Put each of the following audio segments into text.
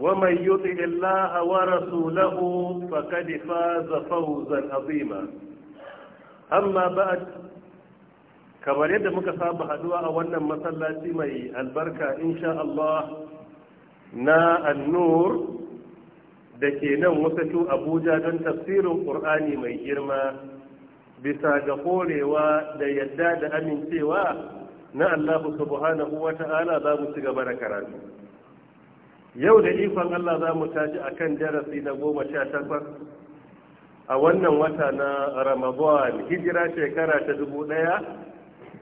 ومن يطع الله ورسوله فقد فاز فوزا عظيما اما بعد kamar yadda muka saba haduwa a wannan masallaci mai albarka insha Allah na annur da ke nan wasatu abuja don tafsirin ƙur'ani mai girma bisa ga korewa da yadda da amincewa na allahu subhanahu wa ta'ala za mu ci gaba da karatu yau da ikon Allah za mu tashi a kan darasi na goma sha takwas a wannan wata na Ramadan hijira shekara ta dubu ɗaya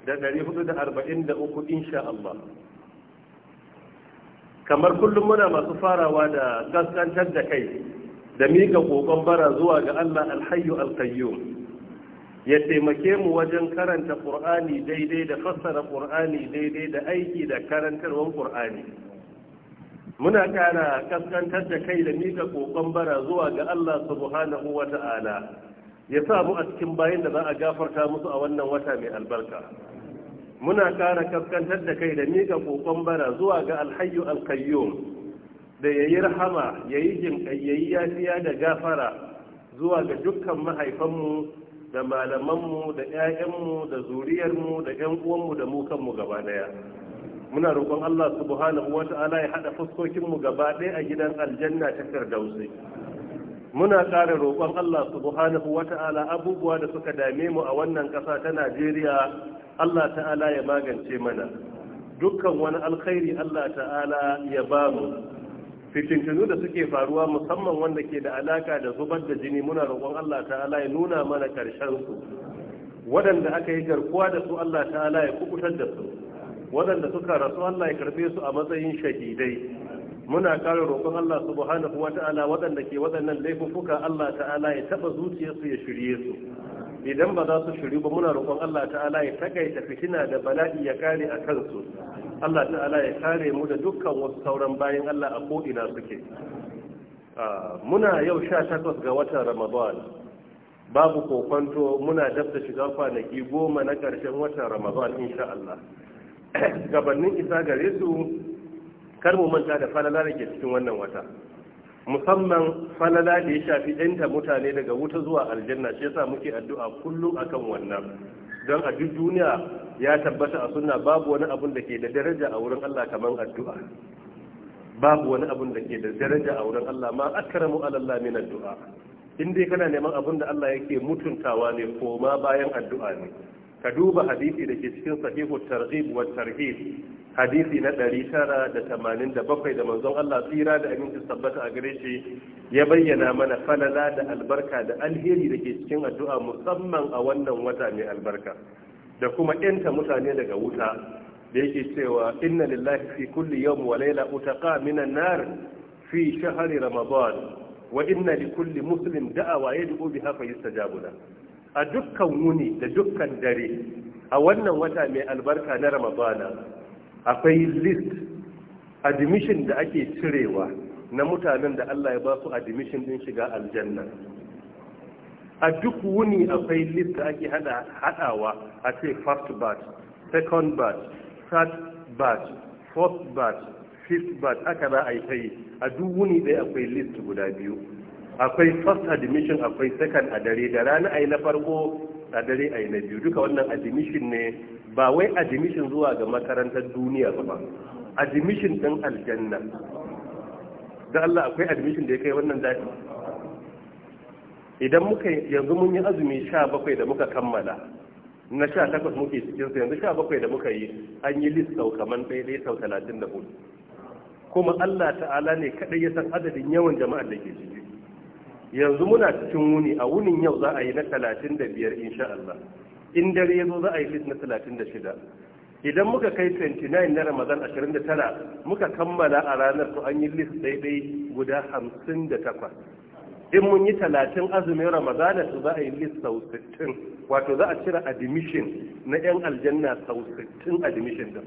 da ɗari hudu da arba'in da uku insha Allah. Kamar kullum muna masu farawa da gaskantar da kai da miƙa ƙoƙon bara zuwa ga Allah alhayyu alkayyu, ya taimake mu wajen karanta ƙur'ani daidai da fassara ƙur'ani daidai da aiki da karantarwar ƙur'ani. muna kara kaskantar da kai da mika kokon bara zuwa ga Allah subhanahu wa ta'ala ya sa mu a cikin bayin da za a gafarta musu a wannan wata mai albarka muna kara kaskantar da kai da mika kokon bara zuwa ga alhayyu alkayyum da yayi rahama yayi jinkai yayi yafiya da gafara zuwa ga dukkan mahaifanmu da malamanmu da 'ya'yanmu da zuriyarmu da 'yan uwanmu da mu kanmu gaba daya muna roƙon Allah subhanahu wa ta'ala ya haɗa fuskokinmu gaba ɗaya a gidan aljanna ta firdausi muna ƙara roƙon Allah subhanahu wa ta'ala abubuwa da suka dame mu a wannan ƙasa ta Najeriya Allah ta'ala ya magance mana dukkan wani alkhairi Allah ta'ala ya ba mu fitintunu da suke faruwa musamman wanda ke da alaka da zubar da jini muna roƙon Allah ta'ala ya nuna mana ƙarshen su waɗanda aka yi garkuwa da su Allah ta'ala ya kubutar da su waɗanda suka rasu Allah ya karbe su a matsayin shahidai muna ƙara roƙon Allah subhanahu wa ta'ala waɗanda ke waɗannan laifuka Allah ta'ala ya taɓa zuciyarsu ya shirye su idan ba za su shiri ba muna roƙon Allah ta'ala ya takaita fitina da bala'i ya kare a kansu Allah ta'ala ya kare mu da dukkan wasu sauran bayan Allah a ko'ina suke ah, muna yau sha takwas ga watan Ramadan babu kokonto muna dabta shiga kwanaki goma na ƙarshen watan Ramadan insha Allah Gabannin isa gare su kar mu manta da falala da ke cikin wannan wata musamman falala da ya shafi ɗanta mutane daga wuta zuwa aljanna shi yasa muke addu'a kullum akan wannan don a duk duniya ya tabbata a sunna babu wani abun da ke da daraja a wurin Allah kamar addu'a babu wani abun da ke da daraja a wurin Allah ma akramu alallahi min addu'a in dai kana neman abun da Allah yake mutuntawa ne ko ma bayan addu'a ne ka duba hadisi da ke cikin sahihu targhib wa tarhib hadisi na 987 da manzon Allah tsira da aminci tabbata a gare shi ya bayyana mana falala da albarka da alheri da ke cikin addu'a musamman a wannan wata mai albarka da kuma yanta mutane daga wuta da yake cewa inna lillahi fi kulli yawm wa layla utaqa minan nar fi shahri ramadan wa inna li kulli muslim da'awa yad'u biha fa yustajabu lahu a dukkan wuni da dukkan dare a wannan wata mai albarka na ramadana akwai list admission da ake cirewa na mutanen da Allah ya ba su admission din shiga aljanna a duk wuni akwai list da ake hadawa a ce first batch second batch third batch fourth batch fifth batch aka za a yi a duk wuni dai akwai list guda biyu akwai first admission akwai second a dare da rana ai na farko a dare ai na biyu duka wannan admission ne ba wai admission zuwa ga makarantar duniya ba admission din aljanna da Allah akwai admission da ya kai wannan daɗi idan muka yanzu mun yi azumi sha bakwai da muka kammala na sha takwas muke cikin su yanzu sha bakwai da muka yi an yi list sau kaman ɗaya sau talatin da hudu kuma Allah ta'ala ne kaɗai ya san adadin yawan jama'ar da ke ciki yanzu muna cikin wuni a wunin yau za a yi na 35 insha Allah in dare zo za a yi na 36 idan muka kai 29 na Ramadan 29 muka kammala a ranar to an yi list daidai guda 58 in mun yi 30 azumin Ramadana to za a yi list sau 60 wato za a cire admission na yan aljanna sau 60 admission din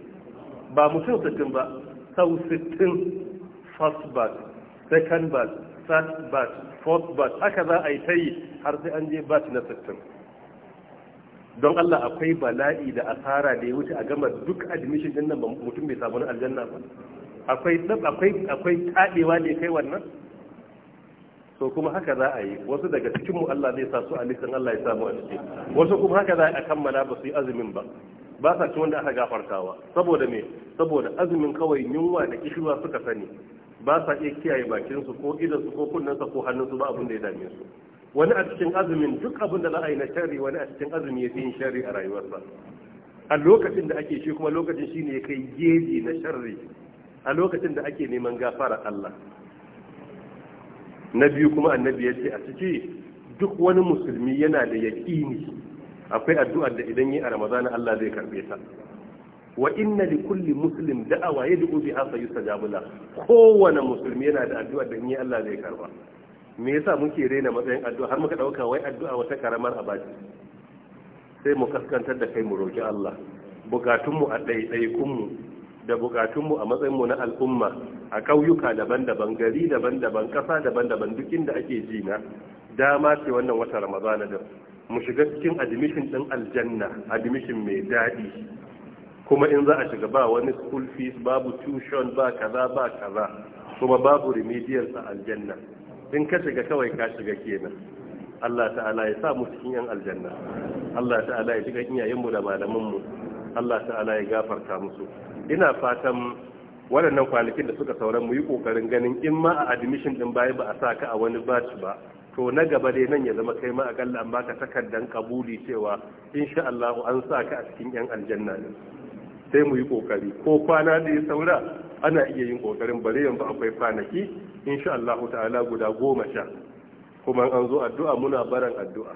ba mutum 60 ba sau 60 first batch second batch third batch fourth bat haka za a yi ta yi har sai an je bat na sittin don Allah akwai bala'i da asara da ya wuce a gama duk admission din nan mutum bai samu aljanna ba akwai akwai akwai kadewa ne kai wannan so kuma haka za a yi wasu daga cikinmu Allah zai sa su a listin Allah ya samu a ciki wasu kuma haka za a kammala ba su yi azumin ba ba sa ci wanda aka gafartawa saboda me saboda azumin kawai yunwa da kishirwa suka sani ba sa iya kiyaye bakinsu ko su ko kunnensa ko hannunsu ba abin da ya dame su wani a cikin azumin duk abin da za a yi na shari wani a cikin azumi ya fi yin shari a rayuwarsa a lokacin da ake shi kuma lokacin shi ne ya kai geji na sharri a lokacin da ake neman gafara Allah na biyu kuma annabi ya ce a ciki duk wani musulmi yana da yaƙini akwai addu'ar da idan yi a ramadana Allah zai karɓe ta wa inna li kulli muslim da'awa yad'u biha fa yustajabu la kowane musulmi yana da addu'a da ni Allah zai karba me yasa muke rena matsayin addu'a har muka dauka wai addu'a wata karamar abaci sai mu kaskantar da kai mu roki Allah bukatunmu a ɗaiɗaikunmu da bukatunmu a matsayinmu na al'umma a ƙauyuka daban-daban gari daban-daban ƙasa daban-daban duk inda ake jina dama ce wannan wata ramadana da mu shiga cikin admission ɗin aljanna admission mai daɗi kuma in za a shiga ba wani school fees babu tuition ba kaza ba kaza kuma babu remedial a aljanna in ka shiga kawai ka shiga kenan Allah ta'ala ya sa mu cikin yan aljanna Allah ta'ala ya shiga iyayen mu da malaman mu Allah ta'ala ya gafarta musu ina fatan waɗannan kwanakin da suka sauran mu yi kokarin ganin in ma a admission din baya ba a sa ka a wani batch ba to na gaba dai nan ya zama kai ma akalla an baka takardan kabuli cewa insha Allah an sa ka a cikin yan aljanna ne sai mu yi kokari ko kwana da ya saura ana iya yin kokarin bare yanzu akwai kwanaki insha Allah ta'ala guda goma sha kuma an zo addu'a muna baran addu'a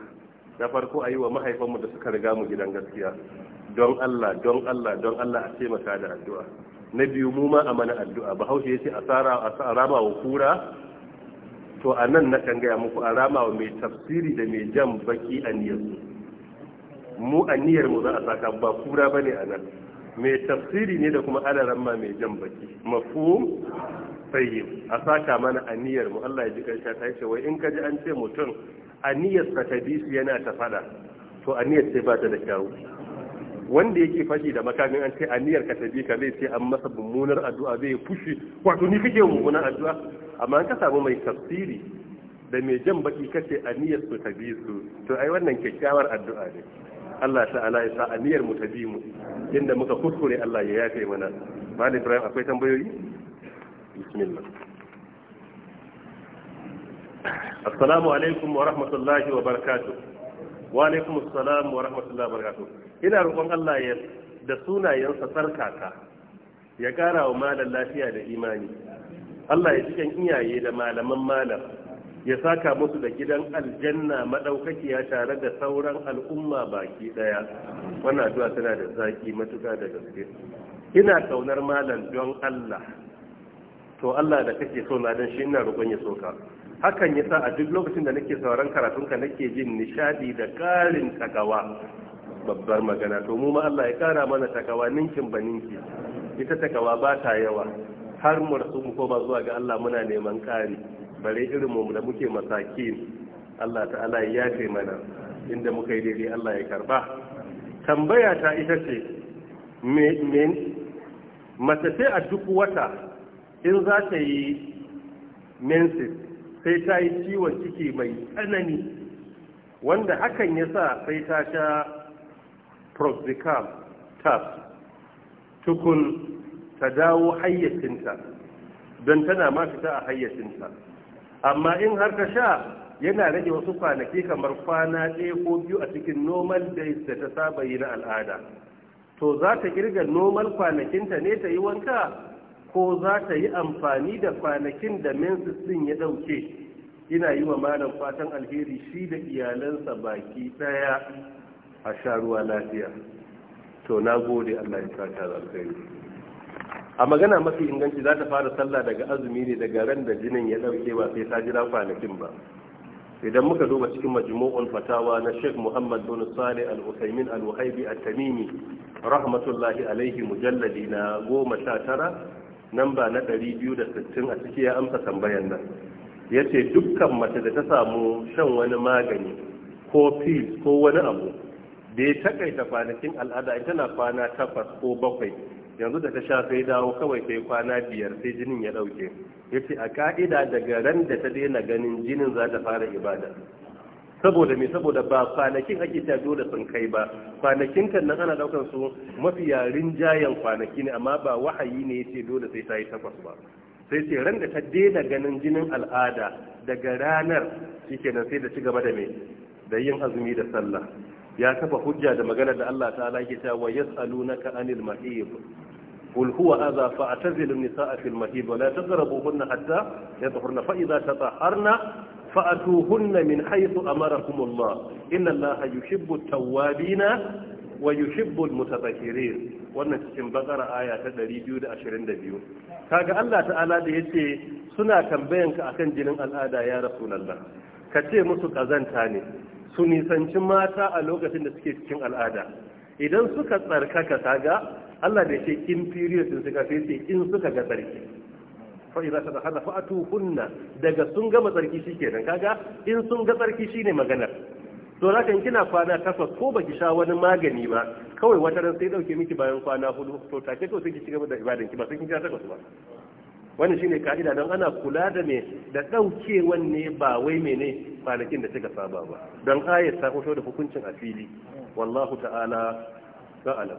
na farko a yi wa mahaifanmu da suka riga mu gidan gaskiya don Allah don Allah don Allah a taimaka da addu'a na biyu mu ma a mana addu'a bahaushe ya ce a tsara a rama wa kura to a nan na kan gaya muku a rama wa mai tafsiri da mai jan baki aniyar mu a mu za a saka ba kura bane a nan mai tafsiri ne da kuma ramma mai jan baki mafhum tayyib a saka mana aniyar mu Allah ya ji karsha ta ce wai in ka an ce mutum aniyar sa ta bi yana ta fada to aniyar sai ba ta da kyau. wanda yake fashi da makamin an ce aniyar ka ta bi ka zai ce an masa mummunar addu'a zai fushi wato ni kake mummunar addu'a amma an ka samu mai tafsiri da mai jan baki kace aniyar su ta bi su to ai wannan kyakkyawar addu'a ne Allah ta'ala ya sa aniyar mu ta bi mu inda muka kuskure Allah ya yafe mana Malam Ibrahim akwai tambayoyi bismillah assalamu alaikum wa rahmatullahi wa barakatuh wa alaikum assalam wa rahmatullahi wa barakatuh ina roƙon Allah ya da sunayensa sarkaka ya ƙara wa malam lafiya da imani Allah ya cikin iyaye da malaman malam ya saka musu da gidan aljanna maɗaukakiya tare da sauran al'umma baki daya wannan addu'a tana da zaki matuka da gaske ina kaunar malam don Allah to Allah da kake so na dan shi ina roƙon ya soka hakan yasa a duk lokacin da nake sauraron karatunka nake jin nishadi da ƙarin takawa babbar magana to mu ma Allah ya kara mana takawa ninkin ba ninki ita takawa ba ta yawa har mu rasu mu koma zuwa ga Allah muna neman ƙari bare irin mu da muke masaki, Allah ta'ala ya yafe mana inda muka yi daidai Allah ya karba tambaya ta ita ce mace sai a duk wata in za ta yi menses sai ta yi ciwon ciki mai tsanani wanda hakan ya sa sai ta sha proxicam tab tukun ta dawo hayyacinta don tana ma fita a hayyacinta amma in har ka sha yana rage wasu kwanaki kamar kwana ɗaya ko biyu a cikin normal days da ta saba yi na al'ada to za ta kirga normal kwanakinta ne ta yi wanka ko za ta yi amfani da kwanakin da menses din ya ɗauke ina yi wa malam fatan alheri shi da iyalansa baki ɗaya a sha ruwa lafiya to na gode allah ya sa ta alheri a magana mafi inganci za ta fara sallah daga azumi ne daga ran da jinin ya ɗauke ba sai ta jira kwanakin ba idan muka duba cikin majmu'un fatawa na Sheikh Muhammad bin Salih Al-Utsaimin Al-Wahibi At-Tamimi rahmatullahi alaihi mujalladi na 19 namba na 260 a ciki ya amsa tambayar nan yace dukkan mace da ta samu shan wani magani ko pills ko wani abu da ya takaita kwanakin al'ada ita na kwana takwas ko bakwai yanzu da ta sha sai dawo kawai sai kwana biyar sai jinin ya dauke yace a ka'ida daga ran da ta daina ganin jinin za ta fara ibada saboda me saboda ba kwanakin ake ta dole sun kai ba kwanakin kan nan ana daukan su mafi yarin jayan kwanaki ne amma ba wahayi ne yace dole sai ta yi takwas ba sai ce ran da ta daina ganin jinin al'ada daga ranar shikenan sai da ci gaba da me da yin azumi da sallah ya kafa hujja da magana da Allah ta'ala ke ta wa yas'alunaka 'anil mahib qul huwa adha fa'tazilun nisa'a fil mahib wa la taqrabuhunna hatta yatahurna fa idha tataharna fa'tuhunna min haythu amarakum Allah inna Allah yuhibbu at wa yuhibbu al-mutatahhirin wannan cikin bakara aya ta 222 kaga Allah ta'ala da yace suna tambayanka akan jinin al'ada ya rasulullah kace musu kazanta ne su nisanci mata a lokacin da suke cikin al'ada idan suka tsarkaka kaga Allah da ce in period din suka fi sai in suka ga tsarki fa idza tadakhala fa kunna daga sun gama tsarki shikenan kaga in sun ga tsarki shine maganar to rakan kina kwana takwas ko baki sha wani magani ba kawai wata ran sai dauke miki bayan kwana hudu to take to sai ki cigaba da ibadan ki ba sai kin sha takwas ba wannan shine ka'ida don ana kula da me da daukewan ne ba wai mene kwanakin da suka saba ba don ayat ta da hukuncin a fili wallahu ta'ala ta'ala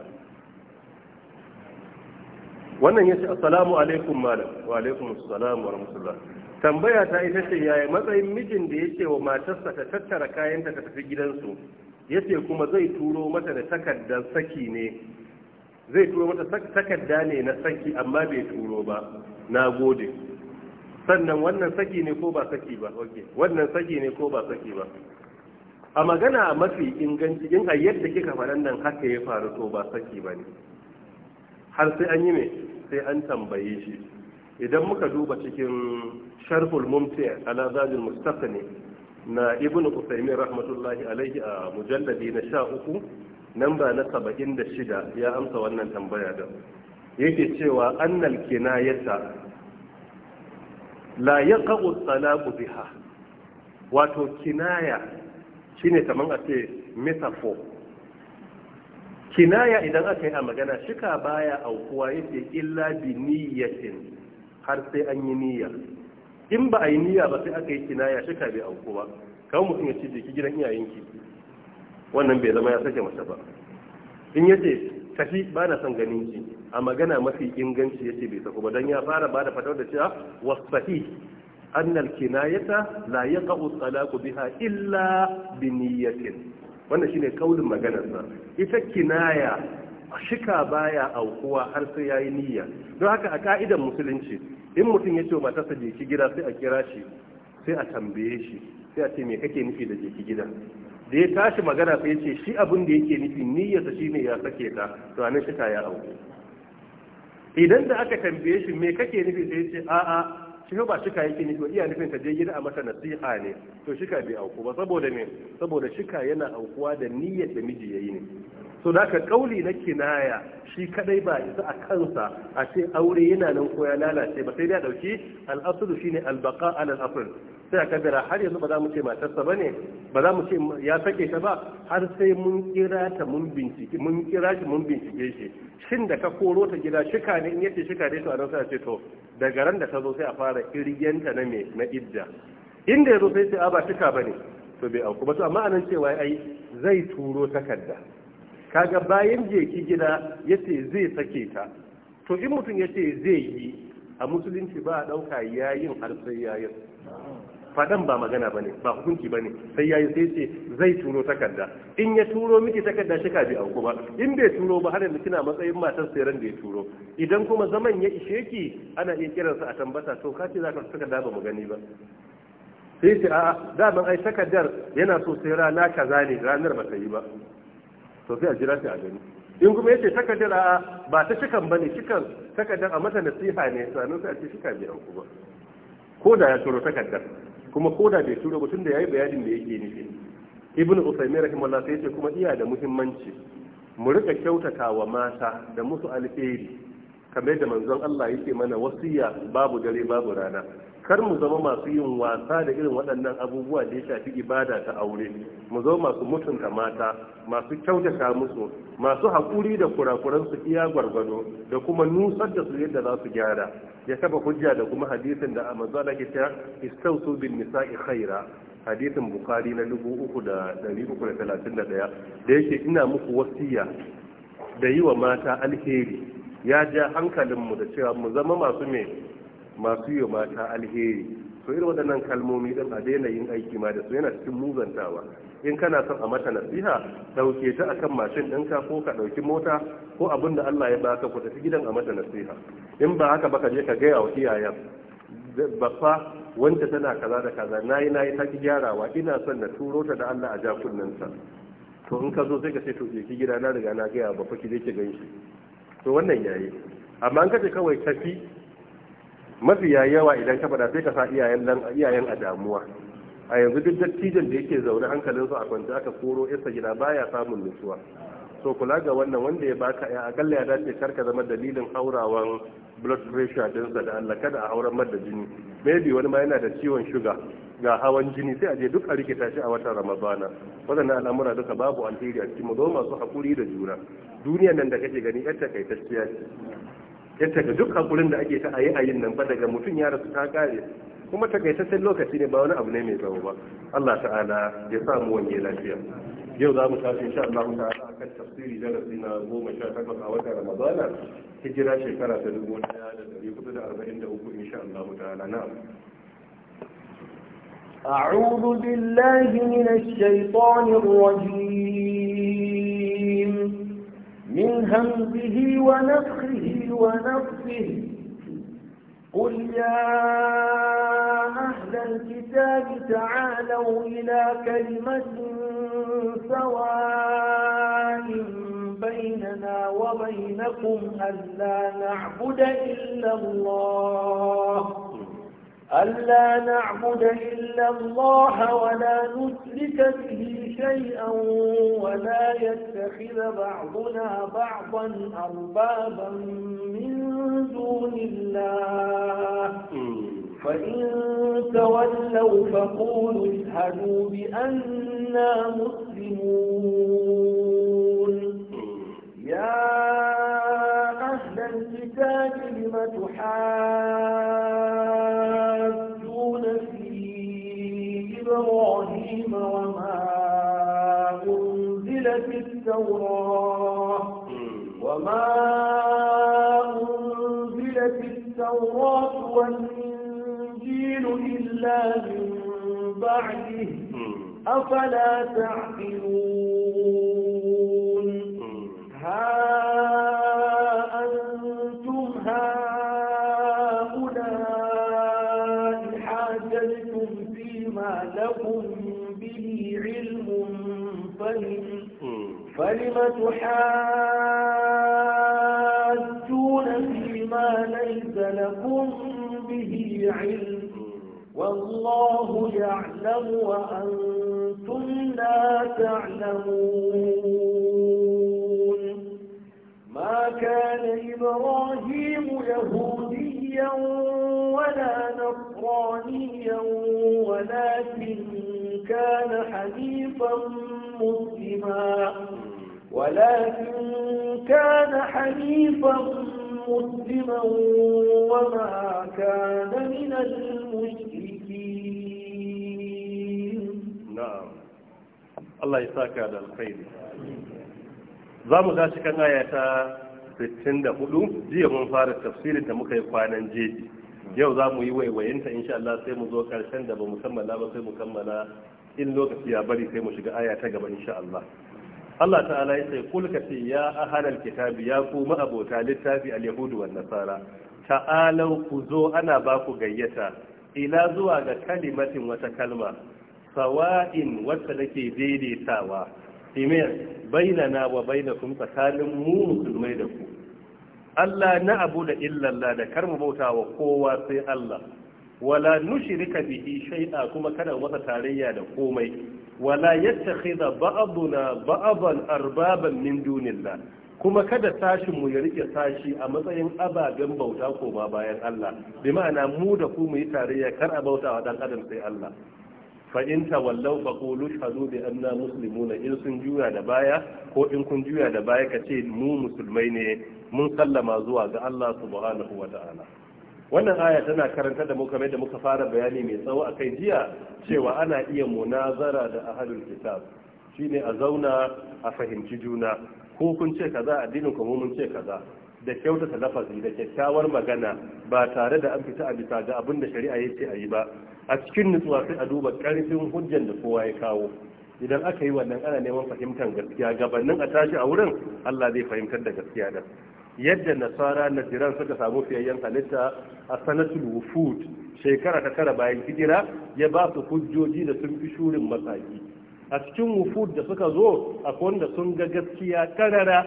wannan yace assalamu alaikum malam wa alaikum assalam wa rahmatullah tambaya ta ita ce yaya matsayin mijin da yake wa matarsa ta tattara kayan ta tafi gidansu yace kuma zai turo mata da takardar saki ne zai turo mata takarda ne na saki amma bai turo ba na gode sannan wannan saki ne ko ba saki ba wannan saki ne ko ba saki ba a magana mafi inganci in a yadda kika faɗan nan haka ya faru to ba saki ba ne har sai an yi ne sai an tambaye shi idan muka duba cikin sharful mumti ala zajin ne, na ibnu usaymin rahmatullahi alaihi a mujalladi na sha uku namba na saba'in da shida ya amsa wannan tambaya da yake cewa annal kinayata la yaqa'u talaqu biha wato kinaya shine kaman a ce metaphor kinaya idan aka yi a magana shika baya aukuwa yake illa bi niyyatin har sai an yi niyya in ba a yi niyya ba sai aka yi kinaya shika bai aukuwa kawai mutum ya ce jiki gidan iyayenki wannan bai zama ya sake mace ba in yace tafi ba na son ganin shi. a magana mafi inganci yake bai saku ba don ya fara ba da fatar da cewa wasfahi annal kinayata la yaqa'u talaqu biha illa bi niyyatin wannan shine kaulin maganar sa ita kinaya shika baya aukuwa har sai yayi niyya don haka a ka'idar musulunci in mutum ya ce ta saje ki gida sai a kira shi sai a tambaye shi sai a ce me kake nufi da je gida da ya tashi magana sai ce shi abin da yake nufi niyyarsa shine ya sake ta to anan shika ya aure idan da aka tambaye shi me kake nufi sai ya ce a'a shi ba shika yake nufi iya nufin ka je gida a mata nasiha ne to shika bai auku ba saboda me saboda shika yana aukuwa da niyyar da miji yayi ne to da ka kauli na kinaya shi kadai ba isa a kansa a ce aure yana nan ko ya lalace ba sai da dauki al-aslu shine al-baqa al sai a kadara har yanzu ba za mu ce matarsa ba ne ba za mu ce ya sake ta ba har sai mun kira ta mun bincike mun kira shi mun bincike shi shin da ka koro ta gida shika ne in yace shika ne to a nan ce to daga ran da ta zo sai a fara kirgenta na me na idda inda ya zo sai sai a ba shika ba ne to bai auku ba to amma anan cewa ai zai turo takarda kaga bayan je ki gida yace zai sake ta to in mutum yace zai yi a musulunci ba a ɗauka yayin har sai yayin fadan ba magana bane ba hukunci bane sai yayi sai ce zai turo takarda in ya turo miki takarda shi ka bi auku ba in bai turo ba har yanzu kina matsayin matar sai ran da ya turo idan kuma zaman ya ishe ki ana iya kiransa a tambata to ka ce za ka takarda ba mu gani ba sai ce a'a daman ai takardar yana so sai rana kaza ne ranar ba ta yi ba to sai a jira sai a gani in kuma yace takardar a'a ba ta cikan bane cikan takardar a mata nasiha ne sanin sai a ce shi ka bi ku ba ko da ya turo takardar kuma ko da bai tura tun da yayi bayanin da yake nufi ibnu usaymi rahimahullah sai ce kuma iya da muhimmanci mu rika kyautata wa mata da musu alheri kamar da manzon Allah yake mana wasiya babu dare babu rana kar mu zama masu yin wasa da irin waɗannan abubuwa da ya shafi ibada ta aure mu zama masu mutunta mata masu kyautata musu masu haƙuri da kurakuran su iya gwargwado da kuma nusar da su yadda za su gyara ya kafa hujja da kuma hadisin da a manzala ke ta istausu bin nisa'i khaira hadisin bukari na 3,331 da yake ina muku wasiya da yi wa mata alheri ya ja hankalinmu da cewa mu zama masu mai masu yi mata alheri to irin waɗannan kalmomi ɗin a daina yin aiki ma da su yana cikin muzantawa in kana son a mata nasiha Ɗauke ta akan mashin ɗinka ko ka ɗauki mota ko abin da Allah ya baka ku tafi gidan a mata nasiha in ba haka ba ka je ka gaya wa iyayen baffa wanda tana kaza da kaza nayi nayi ta ki gyarawa ina son na turo ta da Allah a ja sa. to in ka zo sai ka ce to ki gida na riga na gaya babba ki je ki ganshi to wannan yayi amma an kace kawai tafi mafiya yawa idan ka faɗa sai ka sa iyayen a damuwa a yanzu duk dattijan da yake zaune hankalinsu a kwance aka koro isa gida baya samun nutsuwa so kula ga wannan wanda ya baka ya akalla ya dace karka zama dalilin haurawan blood pressure sa da Allah kada a hauran mar da jini maybe wani ma yana da ciwon shuga ga hawan jini sai a je duk a rikita shi a watan ramadana wadannan al'amura duka babu alheri a cikin mu zo masu haƙuri da juna duniyan nan da kake gani yar takaitacciya ce ya ga duk hakurin da ake ta a yin nan ba daga mutum ya rasu ta kare kuma ta takaitaccen lokaci ne ba wani abu ne mai tsawo ba Allah ta'ala ya sa samu wange lafiya yau za mu tafi insha Allah ta'ala akan tafsiri darasi na goma sha takwas a watan Ramadana hijira shekara ta dubu ɗaya da ɗari hudu da arba'in da uku insha Allah ta'ala na'am أعوذ بالله من الشيطان الرجيم من همزه ونفخه ونفخه قل يا أهل الكتاب تعالوا إلى كلمة سواء بيننا وبينكم ألا نعبد إلا الله ألا نعبد إلا الله ولا نشرك به شيئا ولا يتخذ بعضنا بعضا أربابا من دون الله فإن تولوا فقولوا اشهدوا بأنا مسلمون يا أهل الكتاب لم تحاجون في إبراهيم وما أنزلت التوراة وما أنزلت التوراة والإنجيل إلا من بعده أفلا تعقلون ها أنتم هؤلاء حاجتكم فيما لكم به علم فهم فلم تحاجون فيما ليس لكم به علم والله يعلم وأنتم لا تعلمون كان إبراهيم يهوديا ولا نصرانيا ولكن كان حنيفا مسلما ولكن كان حنيفا مسلما وما كان من المشركين نعم الله يساك على الخير za mu كان kan 64 jiya mun fara tafsirin da muka yi kwanan jeji yau za mu yi waiwayinta insha Allah sai mu zo karshen da ba mu kammala ba sai mu kammala in lokaci ya bari sai mu shiga aya ta gaba insha Allah Allah ta'ala ya ce kul ce ya ahlal kitabi ya ku abota littafi a yahudu wan nasara ta'ala ku zo ana ba ku gayyata ila zuwa ga kalimatin wata kalma sawa'in wacce nake daidaitawa baina na wa bainakum tsakanin mu musulmai da ku Allah na abu da illallah da kar mu bauta wa kowa sai Allah wala nushrika bihi shaida, kuma kada wata tarayya da komai wala yattakhidha ba'duna ba'dan arbaban min dunillah kuma kada sashin mu ya rike sashi a matsayin ababen bauta ko ba bayan Allah bi ma'ana mu da ku mu yi tarayya kar a bauta wa dan adam sai Allah fa in tawallaw fa qulu shahadu bi anna muslimuna in sun juya da baya ko in kun juya da baya kace mu musulmai ne mun sallama zuwa ga Allah subhanahu wa ta'ala wannan aya tana karanta da muka mai da muka fara bayani mai tsawo akai jiya cewa ana iya munazara da ahlul kitab shine a zauna a fahimci juna ko kun ce kaza addinin ku mun ce kaza da kyautata lafazi da kyakkyawar magana ba tare da an fita a bisa ga abin da shari'a ya ce a yi ba a cikin nutsuwa sai a duba ƙarfin hujjan da kowa ya kawo idan aka yi wannan ana neman fahimtar gaskiya gabanin a tashi a wurin Allah zai fahimtar da gaskiya da yadda nasara na jiran suka samu fiyayyen halitta a sanatul wufud shekara ta tara bayan hijira ya ba su hujjoji da sun fi shurin matsaki a cikin wufud da suka zo a wanda sun ga gaskiya karara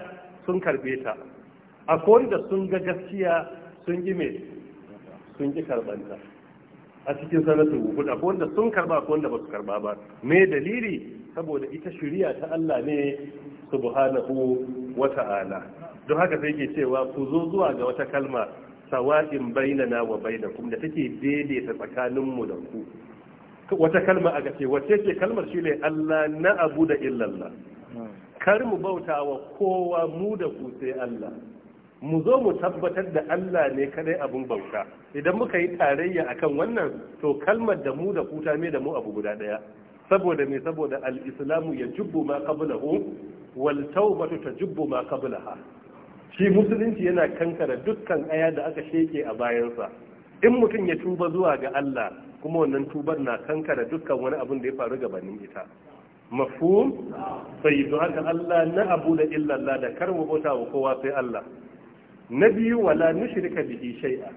sun karbe ta a wanda sun ga gaskiya sun yi sun ki karbanta a cikin sanatul da ko wanda sun karba ko wanda ba su karba ba me dalili saboda ita shari'a ta Allah ne subhanahu wa ta'ala don haka sai ke cewa ku zo zuwa ga wata kalma sawa'in bainana wa bainakum da take daidaita tsakanin mu da ku wata kalma aka ce wace ce kalmar shine Allah na abu da illallah kar mu bauta wa kowa mu da ku sai Allah mu zo mu tabbatar da Allah ne kadai abin bauta idan muka yi tarayya akan wannan to kalmar da mu da kuta me da mu abu guda daya saboda me saboda al-islamu yajubbu ma qablahu wal tawbatu tajubbu ma qablaha shi musulunci yana kankara dukkan aya da aka sheke a bayansa in mutum ya tuba zuwa ga Allah kuma wannan tubar na kankara dukkan wani abun da ya faru gabanin ita mafhum sai haka Allah na abu da illallah da karwa bauta wa kowa sai Allah na biyu wala nushrika bihi shay'a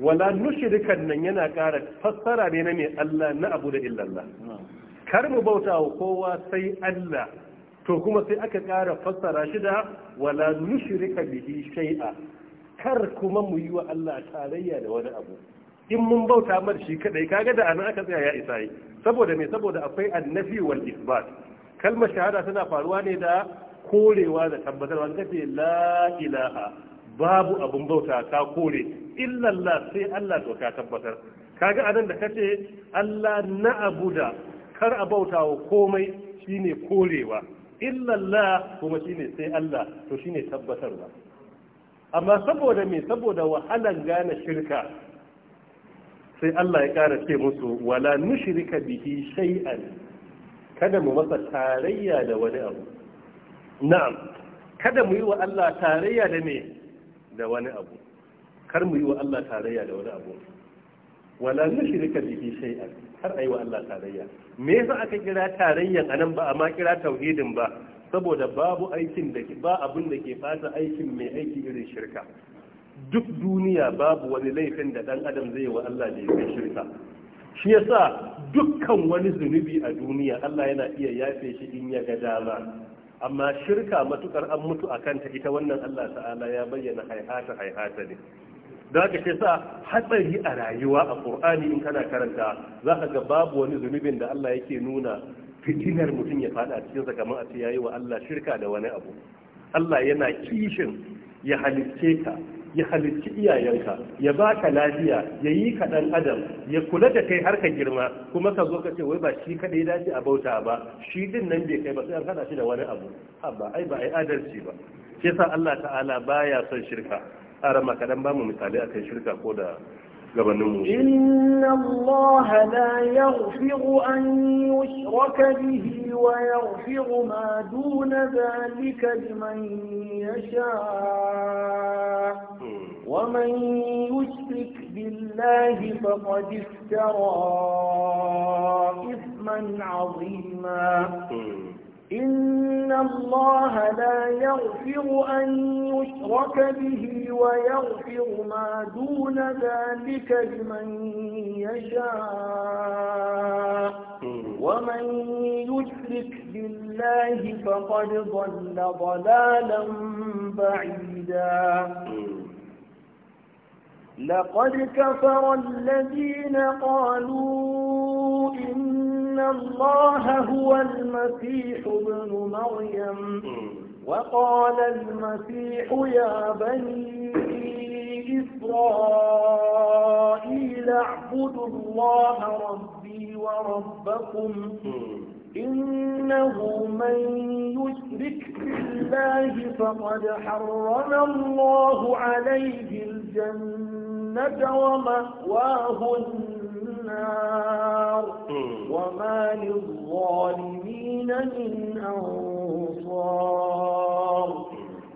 wala nushrikan nan yana ƙara fassara ne na mai Allah na abu da illallah kar mu bauta wa kowa sai Allah to kuma sai aka ƙara fassara shi da wala nushrika bihi shay'a kar kuma mu yi wa Allah tarayya da wani abu in mun bauta mar shi kadai kaga da anan aka tsaya ya isa yi saboda me saboda akwai annabi wal isbat kalmar shahada tana faruwa ne da korewa da tabbatarwa ga ce la ilaha babu abun bauta ka kore illallah sai Allah to ka tabbatar kaga anan da kace Allah na abuda kar a bauta wa komai shine korewa illallah kuma shine sai Allah to shine tabbatarwa amma saboda me saboda wahalan gane shirka sai Allah ya kara ce musu wala nushrika bihi shay'an kada mu masa tarayya da wani abu na'am kada mu yi wa Allah tarayya da me da wani abu kar mu yi wa Allah tarayya da wani abu wala nushrika bihi shay'an har ayi wa Allah tarayya me yasa aka kira tarayyan anan ba amma kira tauhidin ba saboda babu aikin da ba abin da ke fata aikin mai aiki irin shirka duk duniya babu wani laifin da dan adam zai wa Allah da yake shirka shi yasa dukkan wani zunubi a duniya Allah yana iya yafe shi in ya ga dama amma shirka matukar an mutu a kanta ita wannan Allah ta'ala ya bayyana haihata haihata ne da haka shi sa hatsari a rayuwa a Qur'ani in kana karanta za ka ga babu wani zunubin da Allah yake nuna fitinar mutum ya fada a cikin sa kamar a ce yayi wa Allah shirka da wani abu Allah yana kishin ya halicce ka ya halicci iyayenka ya baka lafiya ya yi ka ɗan adam ya kula da kai har ka girma kuma ka zo ka ce wai ba shi kaɗai ya dace a bauta ba shi din nan bai kai ba sai an haɗa shi da wani abu abba ai ba ai adalci ba Ke sa Allah ta'ala baya son shirka ara kaɗan ba mu misali akan shirka ko da إن الله لا يغفر أن يشرك به ويغفر ما دون ذلك لمن يشاء ومن يشرك بالله فقد افترى إثما عظيما إن الله لا يغفر أن يشرك به ويغفر ما دون ذلك لمن يشاء ومن يشرك بالله فقد ضل ضلالا بعيدا لقد كفر الذين قالوا إن إن الله هو المسيح ابن مريم وقال المسيح يا بني إسرائيل اعبدوا الله ربي وربكم إنه من يشرك بالله فقد حرم الله عليه الجنة ومأواه النار النار وما للظالمين من أنصار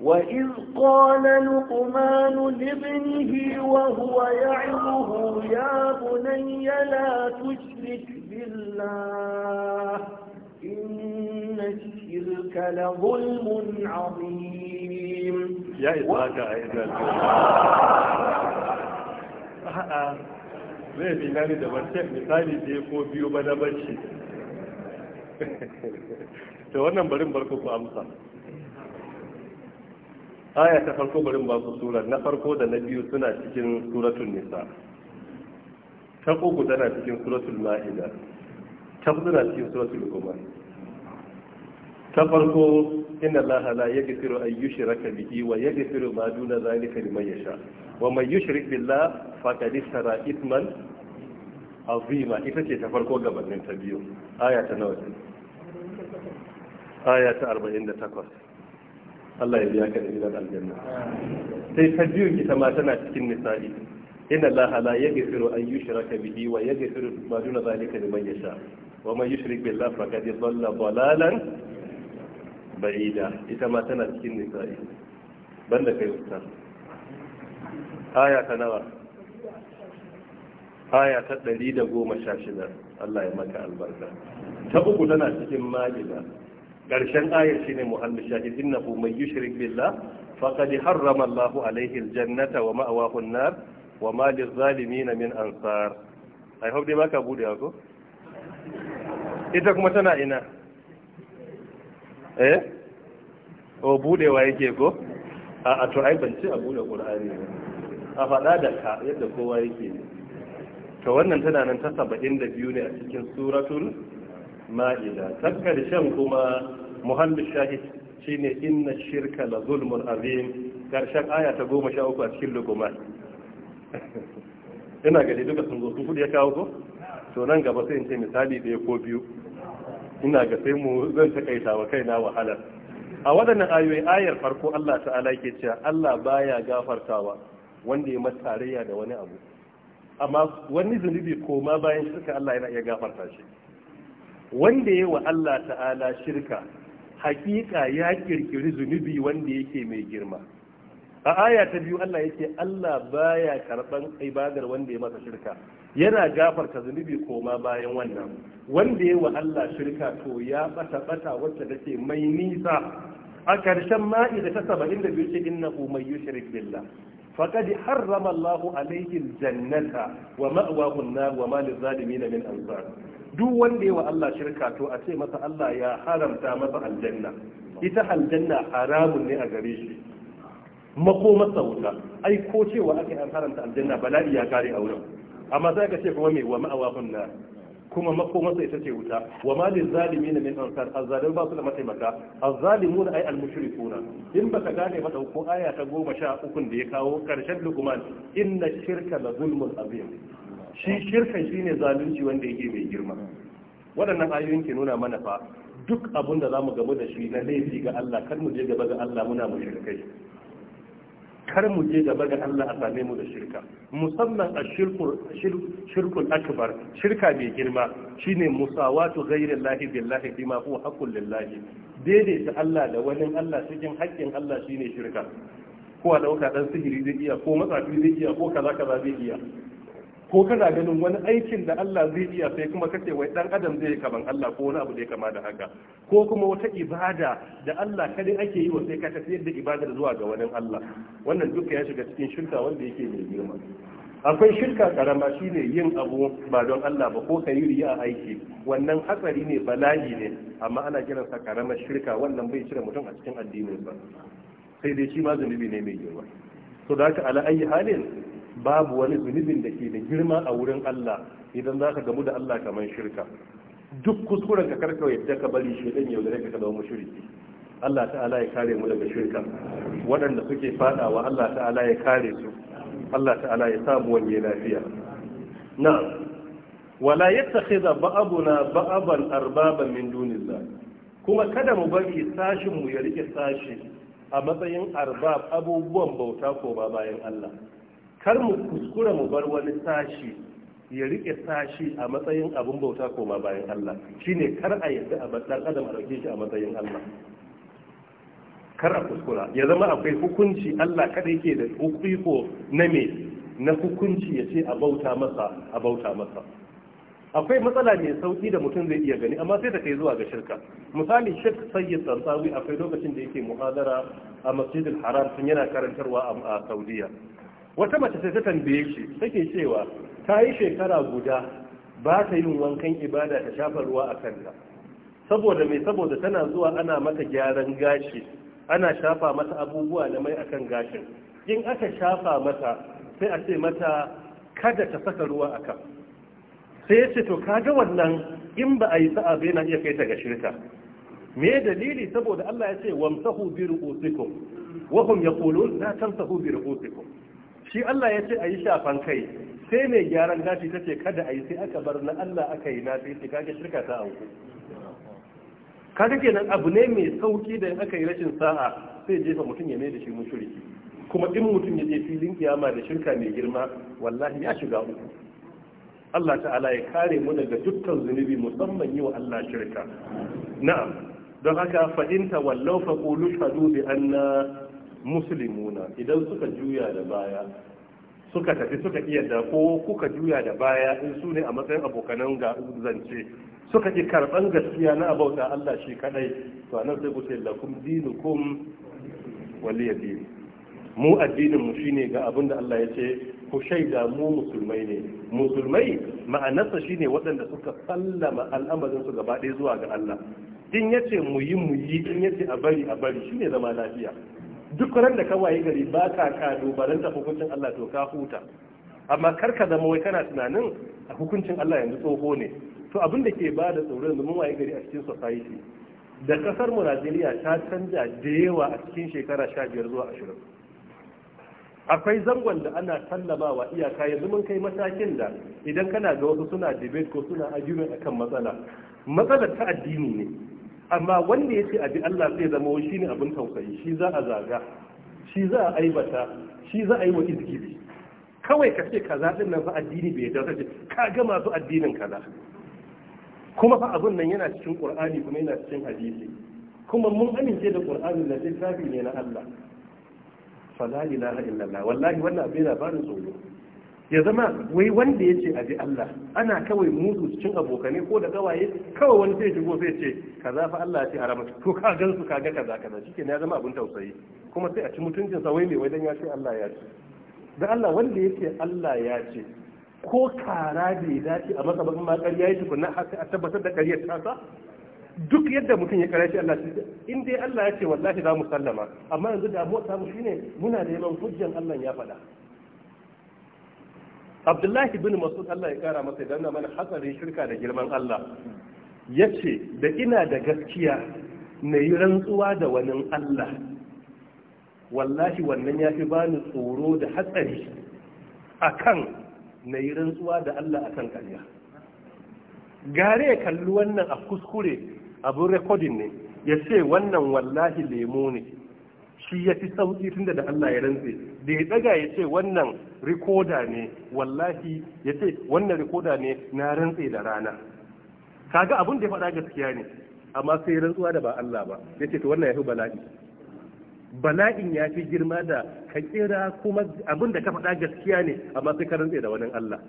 وإذ قال لقمان لابنه وهو يعظه يا بني لا تشرك بالله إن الشرك لظلم عظيم يا يا أيضا zai na ne da wancan misali da ya ko biyu ba na banci. da wannan barin barko ku amsa aya ta farko barin ba su sura na farko da na biyu suna cikin suratul nisa ta uku tana cikin suratul ma'ida ta suna cikin suratul qumar ta farko inna allaha la yaghfiru an yushraka bihi wa yaghfiru ma duna zalika liman yasha wa man yushrik billah faƙadistara itman azima ita ce ta farko gabanin ta biyu aya ta nawa ce aya ta 48 Allah ya biya ka da gidan aljanna sai ta biyu ita ma tana cikin nisa'i inna Allah la yaghfiru an yushraka bihi wa yaghfiru ma duna zalika liman yasha wa man yushrik billahi faqad dhalla dhalalan ba'ida ita ma tana cikin nisa'i banda kai ustaz aya ta nawa aya ta ɗari da goma sha shida Allah ya maka albarka ta uku tana cikin majina ƙarshen ayar shine muhallin shahid innahu mai yushrik billah faqad harrama Allah alayhi aljannata wa ma'awahu an-nar wa ma na min ansar ai hau dai baka bude ko ita kuma tana ina eh o wa yake ko a to ai ban ci a bude qur'ani a faɗa da ka yadda kowa yake ne to wannan tana nan ta saba'in da biyu ne a cikin suratul ma'ida ta karshen kuma muhammad shahid ne inna shirka la zulmun azim karshen aya ta goma sha uku a cikin luguman ina gani duka sun zo sun kudu ya kawo ko to nan gaba sai in ce misali ɗaya ko biyu ina ga sai mu zan takaita wa kaina wahala a waɗannan ayoyi ayar farko Allah ta'ala ke cewa Allah baya gafartawa wanda ya matarayya da wani abu amma wani zunubi koma bayan shirka Allah yana iya gafarta shi wanda ya wa Allah ta'ala shirka hakika ya kirkiri zunubi wanda yake mai girma a aya ta biyu Allah yake Allah baya karban ibadar wanda ya masa shirka yana gafarta zunubi koma bayan wannan wanda ya wa Allah shirka to ya bata bata wacce take mai nisa a karshen ma'ida ta 72 ce innahu may yushrik billah faqad harrama Allahu alayhi aljannata wa ma'wahu an-nar wa ma min duk wanda yawa Allah shirka to a ce masa Allah ya haramta masa aljanna ita aljanna haramun ne a gare shi mako masa wuta ai ko cewa ake an haramta aljanna bala'i ya kare a wurin amma sai ka ce kuma me wa ma'awahun kuma makomarsa ita ce wuta wa ma lil zalimin min ansar azzalim ba su da mataimaka azzalimuna ay al mushrikuna in baka gane ba dauko aya ta 13 da ya kawo karshen luqman inna shirka la zulmun azim shi shirka shine zalunci wanda yake mai girma waɗannan ayoyin ke nuna mana fa duk abin da zamu gamu da shi na laifi ga Allah kar mu je gaba ga Allah muna mushrikai kar mu je gaba ga Allah a same mu da shirka musamman a shirkul akbar shirka mai girma shine musawatu ghairin lahi billahi bima huwa haqqul lillahi daidaita Allah da wani Allah cikin haƙƙin Allah shine shirka ko a dauka dan sihiri zai iya ko matsafi zai iya ko kaza kaza zai iya ko kana ganin wani aikin da Allah zai iya sai kuma kace wai dan adam zai yi kaman Allah ko wani abu da ya kama da haka ko kuma wata ibada da Allah kadai ake yi wa sai ka tafiyar da ibadar zuwa ga wani Allah wannan duka ya shiga cikin shirka wanda yake mai girma akwai shirka karama shine yin abu ba don Allah ba ko ka yi a aiki wannan hatsari ne bala'i ne amma ana kiransa karamar shirka wannan bai cire mutum a cikin addinin ba sai dai shi ma zunubi ne mai girma to da haka ala ayi halin babu wani zunubin da ke da girma a wurin Allah idan za ka gamu da Allah kamar shirka duk kuskuren ka karka yadda ka bari shi dan yau da ka zama mushriki Allah ta'ala ya kare mu daga shirka waɗanda suke fadawa Allah ta'ala ya kare su Allah ta'ala ya samu wani lafiya na'am wala yattakhidha ba'abuna ba'aban arbaban min dunillah kuma kada mu bari sashin mu ya rike sashi a matsayin arbab abubuwan bauta ko ba bayan Allah kar mu kuskura mu bar wani sashi ya rike sashi a matsayin abin bauta koma bayan Allah shine kar a yadda a dan adam a rike shi a matsayin Allah kar a kuskura ya zama akwai hukunci Allah kada yake da hukuko na me na hukunci ya ce a bauta masa a bauta masa akwai matsala mai sauki da mutum zai iya gani amma sai ta kai zuwa ga shirka misali shirk sayyid tsantsawi akwai lokacin da yake muhadara a masjidil haram tun yana karantarwa a saudiya wata mace sai ta tambaye shi take cewa ta yi shekara guda ba ta yin wankan ibada ta shafa ruwa a kanta saboda mai saboda tana zuwa ana mata gyaran gashi ana shafa mata abubuwa na mai akan gashin in aka shafa mata sai a ce mata kada ta saka ruwa a kan sai ya ce to kaga wannan in ba a yi sa'a bai na iya kai ta ga shirka me dalili saboda Allah ya ce wamsahu bi ru'usikum wa hum yaqulun la tamsahu bi ru'usikum shi Allah ya ce a yi shafan kai sai mai gyaran gashi ta ce kada a yi sai aka bar na Allah aka yi na sai kage shirka ta auku kaga kenan abu ne mai sauki da aka yi rashin sa'a sai jefa mutum ya mai da shi mushriki kuma in mutum ya je filin kiyama da shirka mai girma wallahi ya shiga uku Allah ta'ala ya kare mu daga dukkan zunubi musamman yi wa Allah shirka na'am don haka fa'inta wallau tawallau fa qulu bi anna Musulmuna, idan suka juya da baya suka tafi suka iya da ko kuka juya da baya in su ne a matsayin abokanan ga zance suka ki karban gaskiya na abauta Allah shi kadai to anan sai ku ce lakum dinukum waliyadin mu addinin mu shine ga abinda Allah ya ce ku shaida mu musulmai ne musulmai ma'anarsa shine waɗanda suka sallama al'amarin su gaba ɗaya zuwa ga Allah in yace mu yi mu yi in yace a bari a bari shine zama lafiya duk ran da ka waye gari ba ka kalubalen ta hukuncin Allah to ka huta amma kar ka zama wai kana tunanin a hukuncin Allah yanzu tsoho ne to abin da ke bada tsoro yanzu mun waye gari a cikin society da kasar mu Najeriya ta canja da yawa a cikin shekara 15 zuwa 20 akwai zangon da ana sallamawa iyaka yanzu mun kai matakin da idan kana ga wasu suna debate ko suna argument akan matsala matsalar ta addini ne amma wanda ya ce bi Allah zai zama shi ne abin tausayi shi za a zaga shi za a aibata shi za a yi wa izgili kawai ka ce kaza din nan fa addini bai yarda ce ka ga masu addinin kaza kuma fa abin nan yana cikin qur'ani kuma yana cikin hadisi kuma mun amince da qur'ani da littafi ne na Allah fala ilaha illallah wallahi wannan abin labarin tsoro ya zama wai wanda ya ce aji Allah ana kawai mutu cikin abokane ko da gawaye kawai wani sai shigo sai ce ka fa Allah ya ce haram to ka gan su ga kaza kaza shikenan ya zama abin tausayi kuma sai a ci mutuncin sa wai mai wai dan ya ce Allah ya ce da Allah wanda ya ce Allah ya ce ko kara bai dace a masa makar ya tukunna har sai a tabbatar da kariyar ta duk yadda mutum ya karashi Allah shi in dai Allah ya ce wallahi za mu sallama amma yanzu da mu shine muna da yawan hujjan Allah ya faɗa abdullahi bin masud Allah ya kara masa idan mana hatsarin shirka da girman Allah ya ce da ina da gaskiya na yi rantsuwa da wani Allah wallahi wannan ya fi bani tsoro da hatsari akan na yi rantsuwa da Allah akan karya gare kalli wannan a kuskure abin rekodin ne ya ce wannan wallahi lemo ne shi ya fi sauki tunda da Allah ya rantse da ya daga ya ce wannan rikoda ne wallahi ya ce wannan rikoda ne na rantse da rana kaga abin da ya faɗa gaskiya ne amma sai rantsuwa da ba Allah ba ya ce to wannan ya fi bala'i bala'in ya fi girma da ka kira kuma abin da ka faɗa gaskiya ne amma sai ka rantse da wani Allah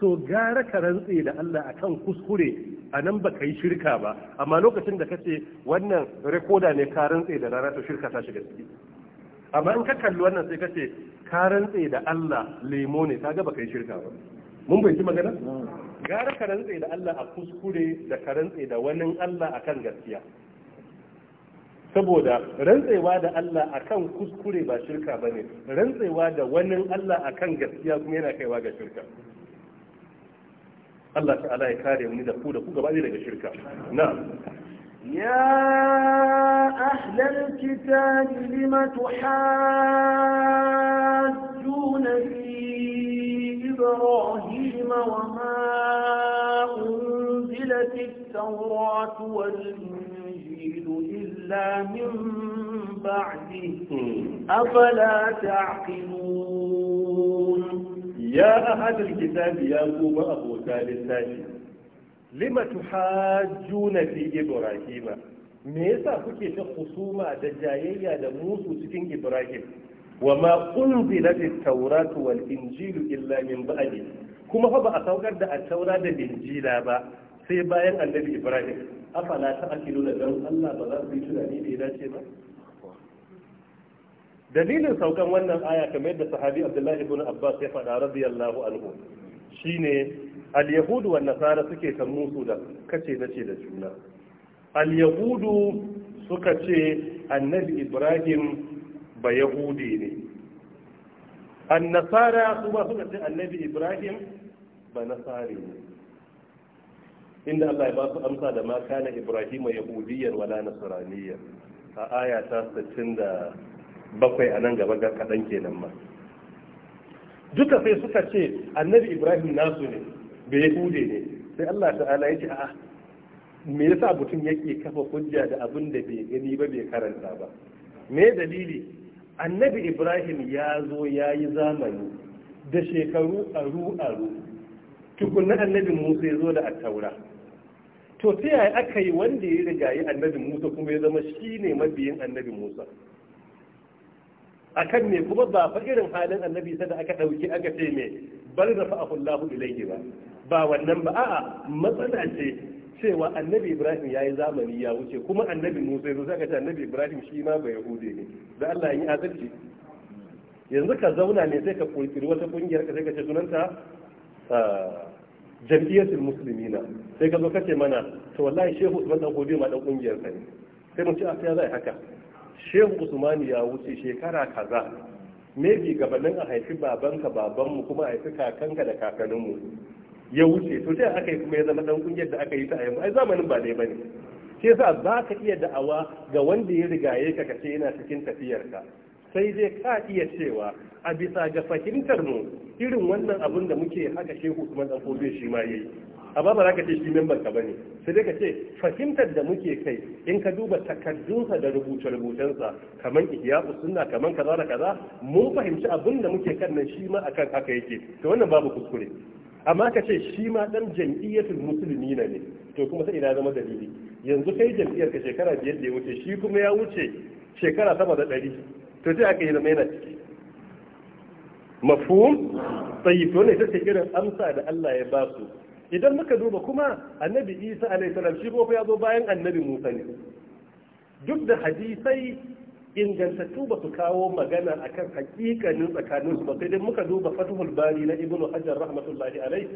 so gara ka rantse da Allah akan kuskure a nan ba ka yi shirka ba amma lokacin da ka ce wannan rekoda ne ka rantse da rana to shirka ta shiga ciki amma in ka kalli wannan sai ka ce ka rantse da Allah lemo ne kaga ba ka yi shirka ba mun bai ci magana gara ka rantse da Allah a kuskure da ka rantse da wani Allah akan gaskiya saboda rantsewa da Allah akan kuskure ba shirka ba ne rantsewa da wani Allah akan gaskiya kuma yana kaiwa ga shirka Allah ta'ala ya kare mu da ku da ku gaba daga shirka na'am يا أهل الكتاب لم تحاجون في إبراهيم وما أنزلت التوراة والإنجيل إلا من بعده أفلا تعقلون ya ahadar kitabi ya ku ma abota littafi lima tuhajjuna fi ibrahima me yasa kuke ta husuma da jayayya da musu cikin ibrahim wa ma unzilat at-taurat wal injil illa min ba'di kuma fa ba a saukar da at-taura da injila ba sai bayan annabi ibrahim afala ta'qiluna dan Allah ba za su yi tunani da ya dace ba dalilin saukan wannan aya kamar yadda sahabi abdullahi ibn abbas ya faɗa radiyallahu anhu shine al-yahudu wa nasara suke kan musu da kace nace da juna al-yahudu suka ce annabi ibrahim ba yahudi ne an-nasara su ba suka ce annabi ibrahim ba nasari ne inda Allah ya ba su amsa da ma kana ibrahim yahudiyyan wala nasraniyyan a aya ta 60 bakwai a nan gaba ga kaɗan kenan ma duka sai suka ce annabi ibrahim nasu ne bai hude ne sai allah ta'ala ya ce a'a me yasa mutum yake kafa hujja da abin da bai gani ba bai karanta ba me dalili annabi ibrahim ya zo ya yi zamani da shekaru aru aru tukunna annabi musa ya zo da attaura to ta yaya aka yi wanda ya riga yi annabi musa kuma ya zama shi ne mabiyin annabi musa akan ne kuma ba fa irin halin annabi da aka dauki aka ce me bal rafa'ahu Allahu ilayhi ba ba wannan ba a'a matsala ce cewa annabi Ibrahim ya yi zamani ya wuce kuma annabi Musa ya zaka ce annabi Ibrahim shi ma ba Yahude ne da Allah yi adalci yanzu ka zauna ne sai ka kirkiri wata kungiyar ka sai ka ce sunanta jam'iyyatul muslimina sai ka zo kace mana to wallahi shehu Usman dan godiya ma dan kungiyar ka ne sai mu ce a sai za haka shehu usmani ya wuce shekara kaza maybe gabanin a haifi babanka babanmu kuma a haifi kakanka da kakaninmu ya wuce to sai aka yi kuma ya zama dan kungiyar da aka yi ta a yanzu ai zamanin ba dai bane shi yasa ba ka iya da'awa ga wanda ya rigaye ka kace yana cikin tafiyarka sai dai ka iya cewa a bisa ga fahimtar mu irin wannan abin da muke haka shehu Usman dan kobe shi ma yayi amma ba za ka ce shi memban ka bane sai dai ka ce fahimtar da muke kai in ka duba takaddunsa da rubuce rubucensa kaman ihya'u usunna kaman kaza da kaza mun fahimci abin da muke kan nan shi ma akan haka yake to wannan babu kuskure amma ka ce shi ma dan jam'iyyatul musulmi ne to kuma sai ina zama dalili yanzu kai jam'iyyar ka shekara biyar da ya wuce shi kuma ya wuce shekara sama da ɗari to sai aka yi zama yana ciki mafhum tayyib to ne ta ce irin amsa da Allah ya ba su idan muka duba kuma annabi isa alaihi salam shi ko ya zo bayan annabi musa ne duk da hadisai ingantattu ba su kawo magana akan hakikanin tsakanin su ba sai dai muka duba fathul bari na ibnu hajar rahmatullahi alaihi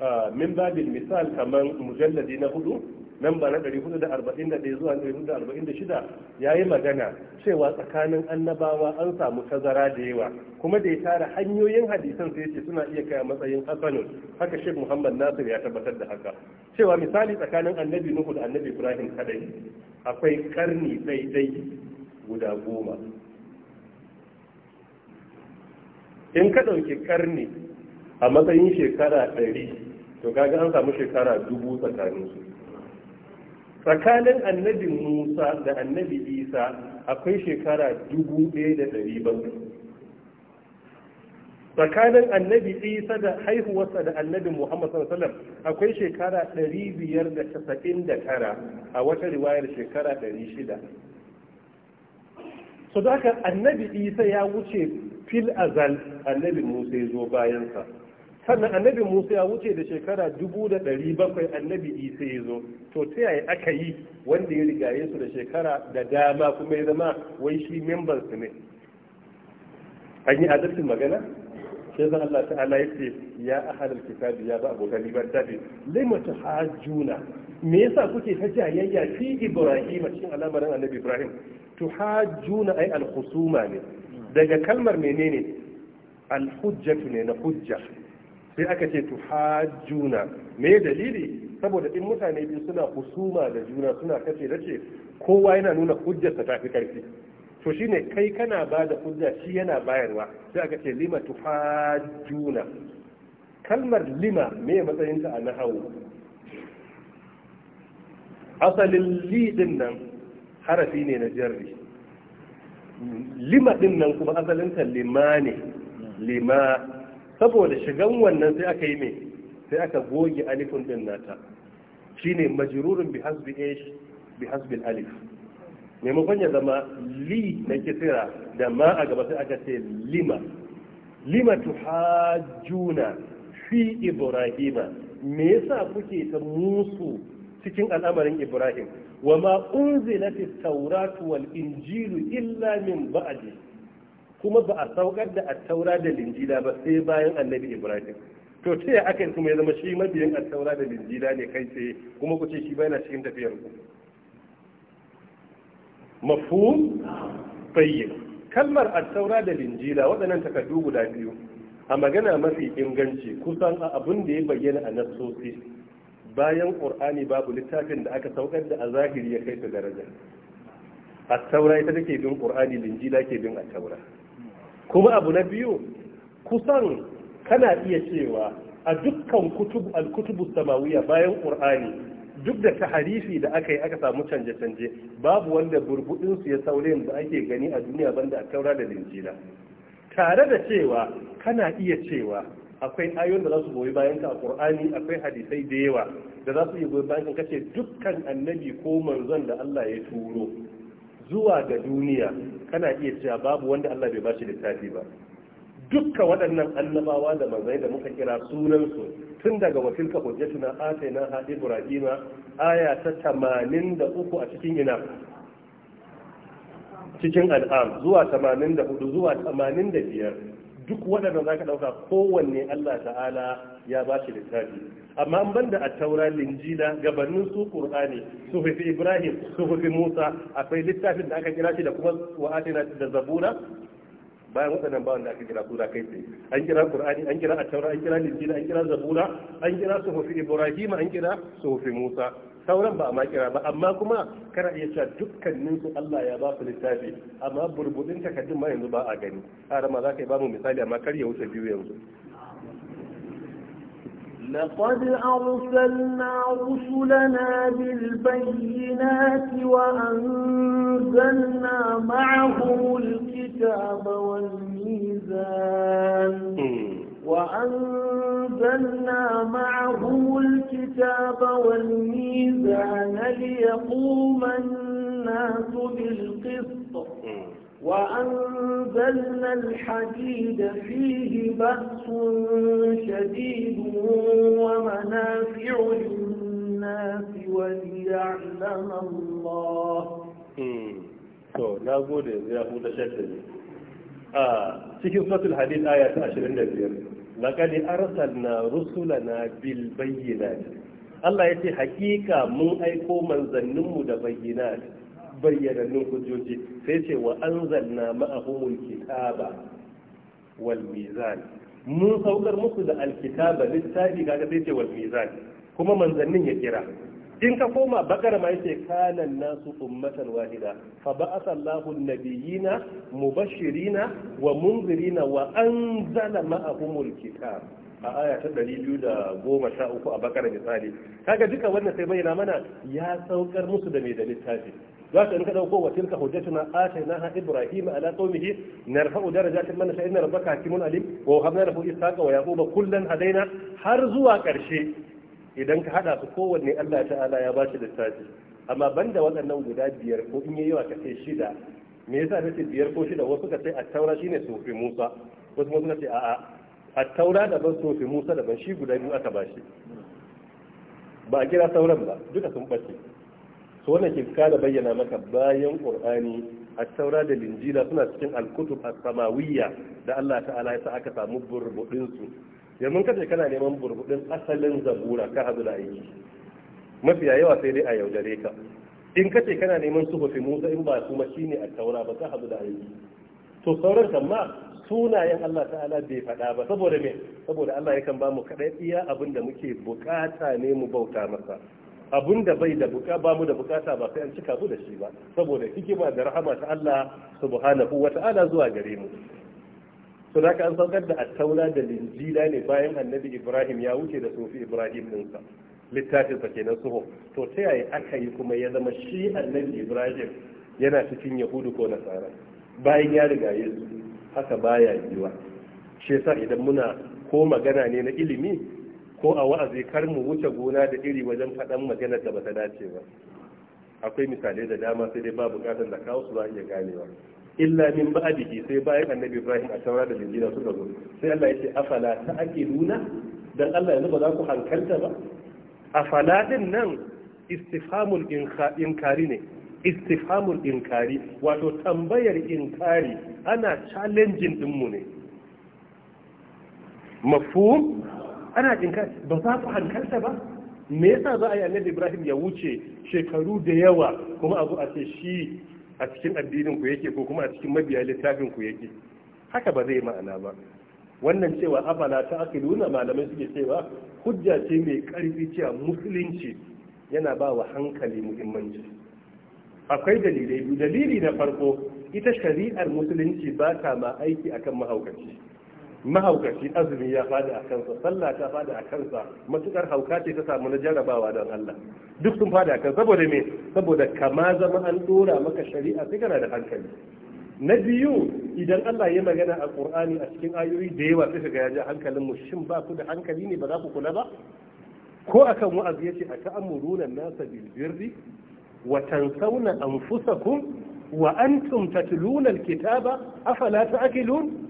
ah, min babin misal kaman mujalladi na hudu ba na 441 zuwa 446 ya yi magana cewa tsakanin annabawa an samu tazara da yawa kuma da ya tara hanyoyin hadisan sai ce suna iya kai a matsayin hasanun haka shek muhammad nasir ya tabbatar da haka cewa misali tsakanin annabi nuhu da annabi ibrahim kadai akwai karni daidai guda goma in ka ɗauki karni a matsayin shekara ɗari to kaga an samu shekara dubu tsakaninsu tsakanin annabi musa da annabi isa akwai shekara dubu ɗaya da ɗari bakwai tsakanin annabi isa da haihuwarsa da annabi muhammad sallallahu akwai shekara ɗari biyar da casa'in da tara a wata riwayar shekara ɗari shida so da annabi isa ya wuce fil azal annabi musa ya zo bayansa sannan annabi musa ya wuce da shekara dubu da ɗari bakwai annabi isa ya zo to ta yaya aka yi wanda ya rigaye su da shekara da dama kuma ya zama wai shi memban su ne an yi adalcin magana sai zan Allah ta'ala ya ce ya ahalal kitabi ya ba abokan libertadi lima tuhajjuna me yasa kuke ta jayayya fi ibrahim cikin al'amarin annabi ibrahim tuhajjuna ai al-khusuma ne daga kalmar menene al ne na hujja sai aka ce tu hajjuna me dalili saboda in mutane biyu suna husuma da juna suna kace dace kowa yana nuna hujjarsa ta fi karfi to shine kai kana ba da hujja shi yana bayarwa sai aka ce lima tu hajjuna kalmar lima me matsayinta a nahawu asalin li din nan harafi ne na jarri lima din nan kuma asalinta lima ne lima saboda shigan wannan sai aka yi ne sai aka goge alifin din nata shine majrurun bi hasbi ish bi hasbi alif maimakon ya zama li na kisira da ma a gaba sai aka ce lima lima tuhajjuna fi ibrahima me yasa kuke ta musu cikin al'amarin ibrahim wa ma unzilatit tawratu wal injilu illa min ba'di kuma ba a saukar da attaura da linjila ba sai bayan annabi ibrahim to ta ya aka kuma ya zama shi mabiyin attaura da linjila ne kai sai kuma ku ce shi ba na cikin tafiyar ku mafhum tayyib kalmar attaura da linjila waɗannan takardu guda biyu a magana mafi inganci kusan a abin da ya bayyana a nassosi bayan qur'ani babu littafin da aka saukar da a zahiri ya kai su daraja attaura ita take bin qur'ani linjila ke bin attaura kuma abu na biyu kusan kana iya cewa a dukkan kutub al-kutubu samawiya bayan qur'ani duk da harifi da aka yi aka samu canje-canje babu wanda burbudin ya saurayin da ake gani a duniya banda a taura da linjila tare da cewa kana iya cewa akwai ayoyin da za su goyi bayanka a qur'ani akwai hadisai da yawa da za su iya goyi bayanka kace dukkan annabi ko manzon da Allah ya turo zuwa ga duniya kana iya cewa babu wanda Allah bai bashi littafi ba dukkan waɗannan annabawa da manzai da muka kira sunansu tun daga wakilka hujjatuna atayna ha ibrahima aya ta 83 a cikin ina cikin al'am zuwa 84 zuwa 85 duk waɗanda zaka dauka kowanne Allah ta'ala ya ba shi littafi amma an banda a taura linjila gabanin su qur'ani suhufi ibrahim suhufi musa akwai littafin da aka kira shi da kuma wa'atina da zabura bayan waɗannan bawan da aka kira sura kai tsaye an kira qur'ani an kira at-taura an kira linjila an kira zabura an kira suhufi ibrahim an kira suhufi musa sauran ba a ma kira ba amma kuma kana iya cewa dukkanin su Allah ya ba su littafi amma burbudin takardun ma yanzu ba a gani har ma za ka yi ba mu misali amma kar ya wuce biyu yanzu لقد أرسلنا رسلنا بالبينات وأنزلنا معهم الكتاب والميزان وأنزلنا معهم الكتاب والميزان ليقوم الناس بالقسط وأنزلنا الحديد فيه بأس شديد ومنافع للناس وليعلم الله hmm. to na gode ya huta shakkari a ah, cikin suratul hadid aya ta 25 laqad arsalna rusulana bil bayyinat Allah yace hakika mun aiko manzanninmu da bayyinat bayyanannun hujjoji sai ce wa anzalna ma'ahumul kitaba wal mizan mun saukar musu da alkitaba littafi kaga sai ce wal mizan kuma manzannin ya kira in ka koma bakar ma ce kana nasu ummatan wahida fa ba'atha Allahu nabiyina mubashirina wa munzirina wa anzala ma'ahumul kitab a aya ta uku a bakar misali kaga duka wannan sai bayyana mana ya saukar musu da mai da littafi za ka in ka dauko wa tilka hujjatuna atainaha ibrahim ala qaumihi narfa'u darajatin man sha'a inna rabbaka hakimun alim wa wahabna lahu ishaqa wa yaquba kullan hadaina har zuwa karshe idan ka hada su kowanne Allah ta'ala ya ba shi littafi amma banda waɗannan guda biyar ko in yayi wa kace shida me yasa nace biyar ko shida wasu ka ce at-taura shine sufi Musa wasu kuma suka a'a at-taura da ban sufi Musa da ban shi guda biyu aka ba shi ba a kira sauran ba duka sun bace to wannan ke kara bayyana maka bayan qur'ani at-taura da linjila suna cikin al-kutub as-samawiyya da Allah ta'ala ya sa aka samu burbudin su yanzu kace kana neman burbudin asalin zabura ka hadu da aiki mafiya yawa sai dai a yaudare ka in kace kana neman su bafi Musa in ba kuma shine at-taura ba ka hadu da aiki to sauran kan sunayen Allah ta'ala bai faɗa ba saboda me saboda Allah yakan ba mu kaɗai iya abin da muke bukata ne mu bauta masa abun da bai da buka ba mu da bukata ba sai an cika mu da shi ba saboda hikima da rahama ta Allah subhanahu wata'ala zuwa gare mu to da an saukar da attaula da linjila ne bayan annabi Ibrahim ya wuce da sofi Ibrahim sa littafin sa kenan suho to ta yaya aka yi kuma ya zama shi annabi Ibrahim yana cikin Yahudu ko Nasara bayan ya riga Yesu haka baya yiwa shi yasa idan muna ko magana ne na ilimi ko a wa'azi kar mu wuce gona da iri wajen faɗan maganar da ba ta dace ba akwai misalai da dama sai dai babu gatan da kawo su ba iya ganewa illa min ba'dihi sai bayan annabi Ibrahim a tawara da Injila suka zo sai Allah ya ce afala nuna, dan Allah yanzu ba za ku hankalta ba afala din nan istifhamul inkari ne istifhamul inkari wato tambayar inkari ana challenging din mu ne mafhum ana jinka ba za ku hankalta ba me yasa za a yi annabi ibrahim ya wuce shekaru da yawa kuma abu a ce shi a cikin addinin ku yake ko kuma a cikin mabiya littafin ku yake haka ba zai ma'ana ba wannan cewa afala ta nuna malamai suke cewa hujja ce mai karfi cewa musulunci yana ba wa hankali muhimmanci akwai dalilai biyu dalili na farko ita shari'ar musulunci ba ta ma aiki akan mahaukaci mahaukaci azumi ya fada a kansa sallah ta fada a kansa matukar hauka ce ta samu na jarabawa don Allah duk sun fada a kansa saboda me saboda kama zama an dora maka shari'a sai kana da hankali na biyu idan Allah ya magana a Qur'ani a cikin ayoyi da yawa sai ga yaji hankalin mu shin ba ku da hankali ne ba za ku kula ba ko akan wa'azi yace ata'amuruna nasa bil birri wa tansawna anfusakum wa antum tatluna al-kitaba afala ta'qilun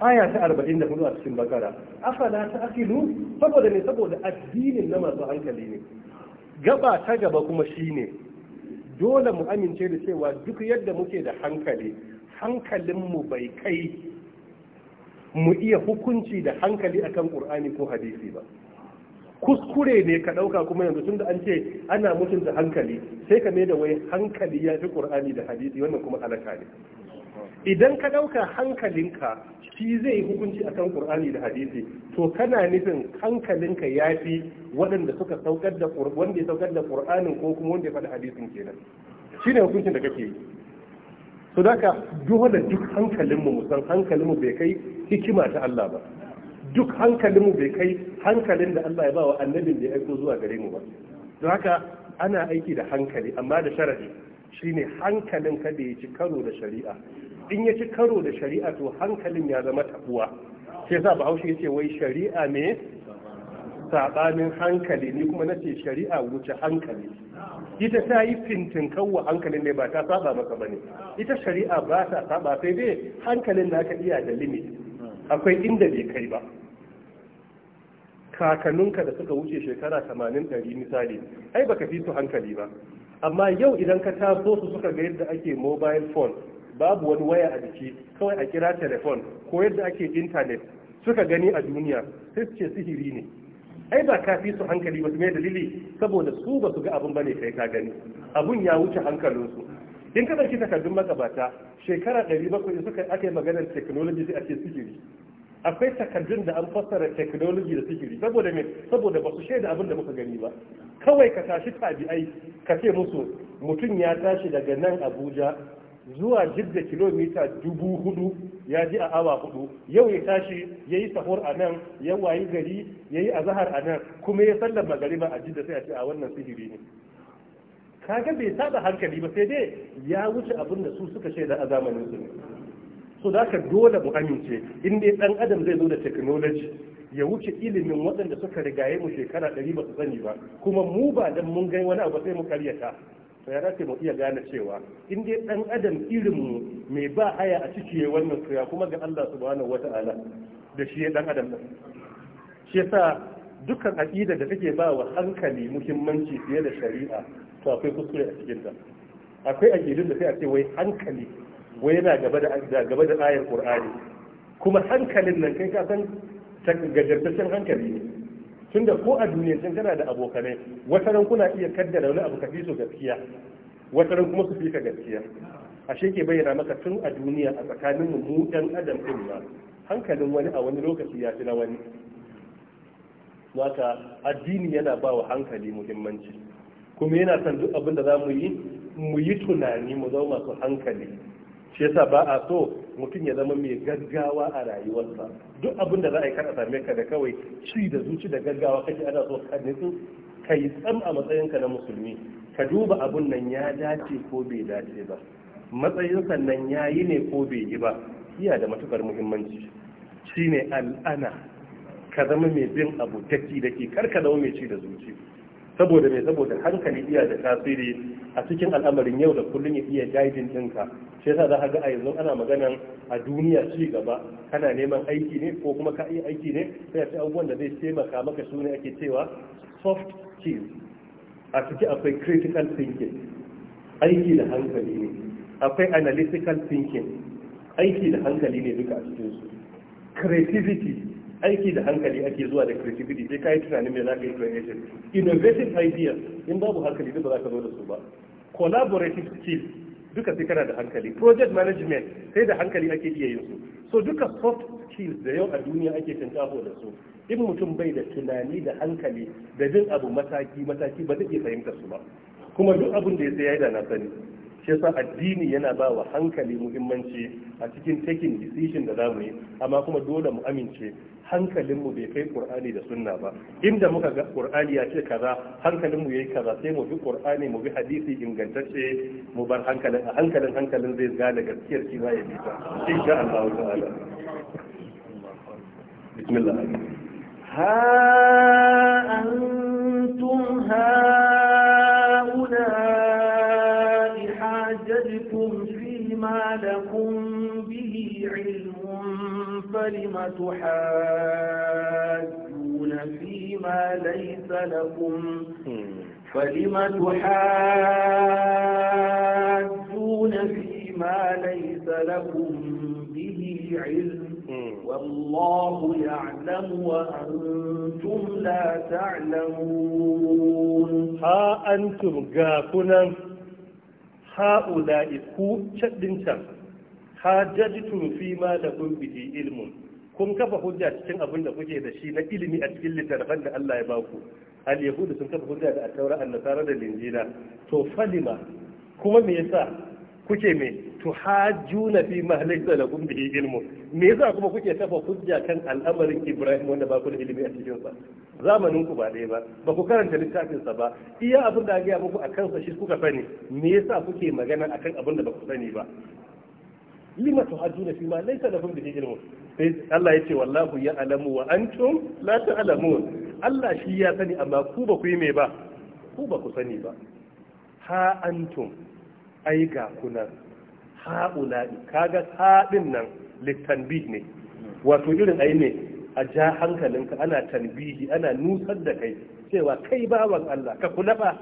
aya ta arba'in da hudu a cikin bakara afala ta akilu saboda ne saboda addinin na masu hankali ne gaba ta gaba kuma shine dole mu amince da cewa duk yadda muke da hankali hankalinmu bai kai mu iya hukunci da hankali akan ƙur'ani ko hadisi ba kuskure ne ka ɗauka kuma yanzu tun da an ce ana mutunta hankali sai ka da wai hankali ya fi ƙur'ani da hadisi wannan kuma alaka ne idan ka ɗauka hankalinka shi zai hukunci a kan ƙur'ani da hadisi to kana nufin hankalinka ya fi waɗanda suka saukar da wanda ya saukar da ƙur'anin ko kuma wanda ya faɗi hadisin kenan shine hukuncin da kake yi to daga dole duk hankalinmu mu hankalinmu bai kai hikima ta Allah ba duk hankalinmu bai kai hankalin da Allah ya ba wa annabin da ya aiko zuwa gare mu ba don haka ana aiki da hankali amma da sharadi shine hankalin ka ya ci karo da shari'a in ya ci karo da shari'a to hankalin ya zama tabuwa sai sa bahaushe ce wai shari'a ne sabanin hankali ni kuma nace shari'a wuce hankali ita ta yi fintin kawwa hankalin ne ba ta saba maka ba ne. ita shari'a ba ta saba sai dai hankalin da aka iya da limit akwai inda bai kai ba kakanninka da suka wuce shekara 80 ɗari misali ai baka fi su hankali ba amma yau idan ka taso su suka ga yadda ake mobile phone babu wani waya a jiki kawai a kira telefon ko yadda ake intanet suka gani a duniya sai su ce sihiri ne ai ba ka fi su hankali ba su mai dalili saboda su ba su ga abin bane kai ka gani abun ya wuce hankalinsu in ka ɗauki takardun magabata shekara ɗari bakwai suka aka yi maganar technology sai a ce sihiri akwai takardun da an fassara technology da sihiri saboda me saboda ba su shaida abin da muka gani ba kawai ka tashi tabi'ai ka ce musu mutum ya tashi daga nan abuja zuwa jidda kilomita dubu hudu ya ji a awa hudu yau ya tashi ya yi sahur a nan ya wayi gari ya yi azahar a nan kuma ya gari ba a jidda sai a ce a wannan sihiri ne kaga bai saba hankali ba sai dai ya wuce abin da su suka shaida a zamanin su ne so da ka dole mu amince in dai dan adam zai zo da technology ya wuce ilimin waɗanda suka rigaye mu shekara ɗari ba su sani ba kuma mu ba dan mun gai wani abu sai mu karyata to ya dace mu iya gane cewa in dai dan adam irin mu mai ba haya a ciki ya wannan kuya kuma ga Allah subhanahu wata'ala da shi ya dan adam da shi yasa dukkan aqida da take ba wa hankali muhimmanci fiye da shari'a to akwai kuskure a cikin ta akwai aqidun da sai a ce wai hankali wai yana gaba da gaba da ayar qur'ani kuma hankalin nan kai ka san gajartaccen hankali ne tunda ko a duniya sun kana da abokanai wata ran kuna iya kaddara wani abu ka fi so gaskiya wata ran kuma su fi ka gaskiya ashe ke bayyana maka tun a duniya a tsakanin mu dan adam din ma hankalin wani a wani lokaci ya fi na wani Wata addini yana ba wa hankali muhimmanci kuma yana san duk abin da za mu yi mu yi tunani mu zama masu hankali shi yasa ba a so mutum ya zama mai gaggawa a rayuwarsa duk abin da za a yi kar a same ka da kawai ci da zuci da gaggawa kake ana so ka nitsu ka yi tsam a matsayinka na musulmi ka duba abun nan ya dace ko bai dace ba matsayinsa nan ya yi ne ko bai yi ba iya da matukar muhimmanci shine al'ana ka zama mai bin abu daki daki kar ka zama mai ci da zuci saboda mai saboda hankali iya da tasiri a cikin al'amarin yau da kullum ya iya guiding ɗinka shi yasa za ka ga a yanzu ana maganan a duniya ci gaba kana neman aiki ne ko kuma ka iya aiki ne sai a ci abubuwan da zai taimaka maka su ne ake cewa soft skills a ciki akwai critical thinking aiki da hankali ne akwai analytical thinking aiki da hankali ne duka a cikin su creativity aiki da hankali ake zuwa da creativity sai ka yi tunanin me yi creative innovative ideas in babu hankali duk ba za ka zo da su ba collaborative skills duka sai kana da hankali project management sai da hankali ake iya yin su so duka soft skills da yau a duniya ake tinkaho da su in mutum bai da tunani da hankali da jin abu mataki mataki ba zai iya fahimtar su ba kuma duk abin da ya sai ya da na sani shi yasa addini yana ba wa hankali muhimmanci a cikin taking decision da zamu yi amma kuma dole mu amince hankalinmu bai kai qur'ani da sunna ba inda muka ga qur'ani ya ce kaza hankalinmu yayi kaza sai mu bi qur'ani mu bi hadisi ingantacce mu bar hankalin hankalin hankalin zai da gaskiyar shi ya bi ta insha Allah ta'ala bismillah ha antum ha فلم تحاجون فيما ليس لكم فلم تحاجون فيما ليس لكم به علم والله يعلم وأنتم لا تعلمون ها أنتم قافنا هؤلاء كوب شد شمس hajjajtum fi ma lakum bihi ilmun kun kafa hujja cikin abin da kuke da shi na ilimi a cikin littattafan da Allah ya ba ku al yahudu sun kafa hujja da at-taura an-nasara da linjila to falima kuma me yasa kuke me hajjuna fi ma laysa kun bihi ilmun me yasa kuma kuke kafa hujja kan al'amarin Ibrahim wanda ba ku da ilimi a cikin sa zamanin ku ba dai ba ba ku karanta littafin sa ba iya abin da ga muku akan sa shi kuka sani me yasa kuke magana akan abin da ba ku sani ba lima tuhajjuna fi ma laysa lakum bihi ilmun sai Allah ya ce wallahu ya alamu wa antum la ta'lamun Allah shi ya sani amma ku ba ku yi me ba ku ba ku sani ba ha antum ai ga kuna ha ula'i kaga ha din nan litanbih ne wato irin ai ne a ja hankalinka ana tanbihi ana nusar da kai cewa kai bawan Allah ka kula ba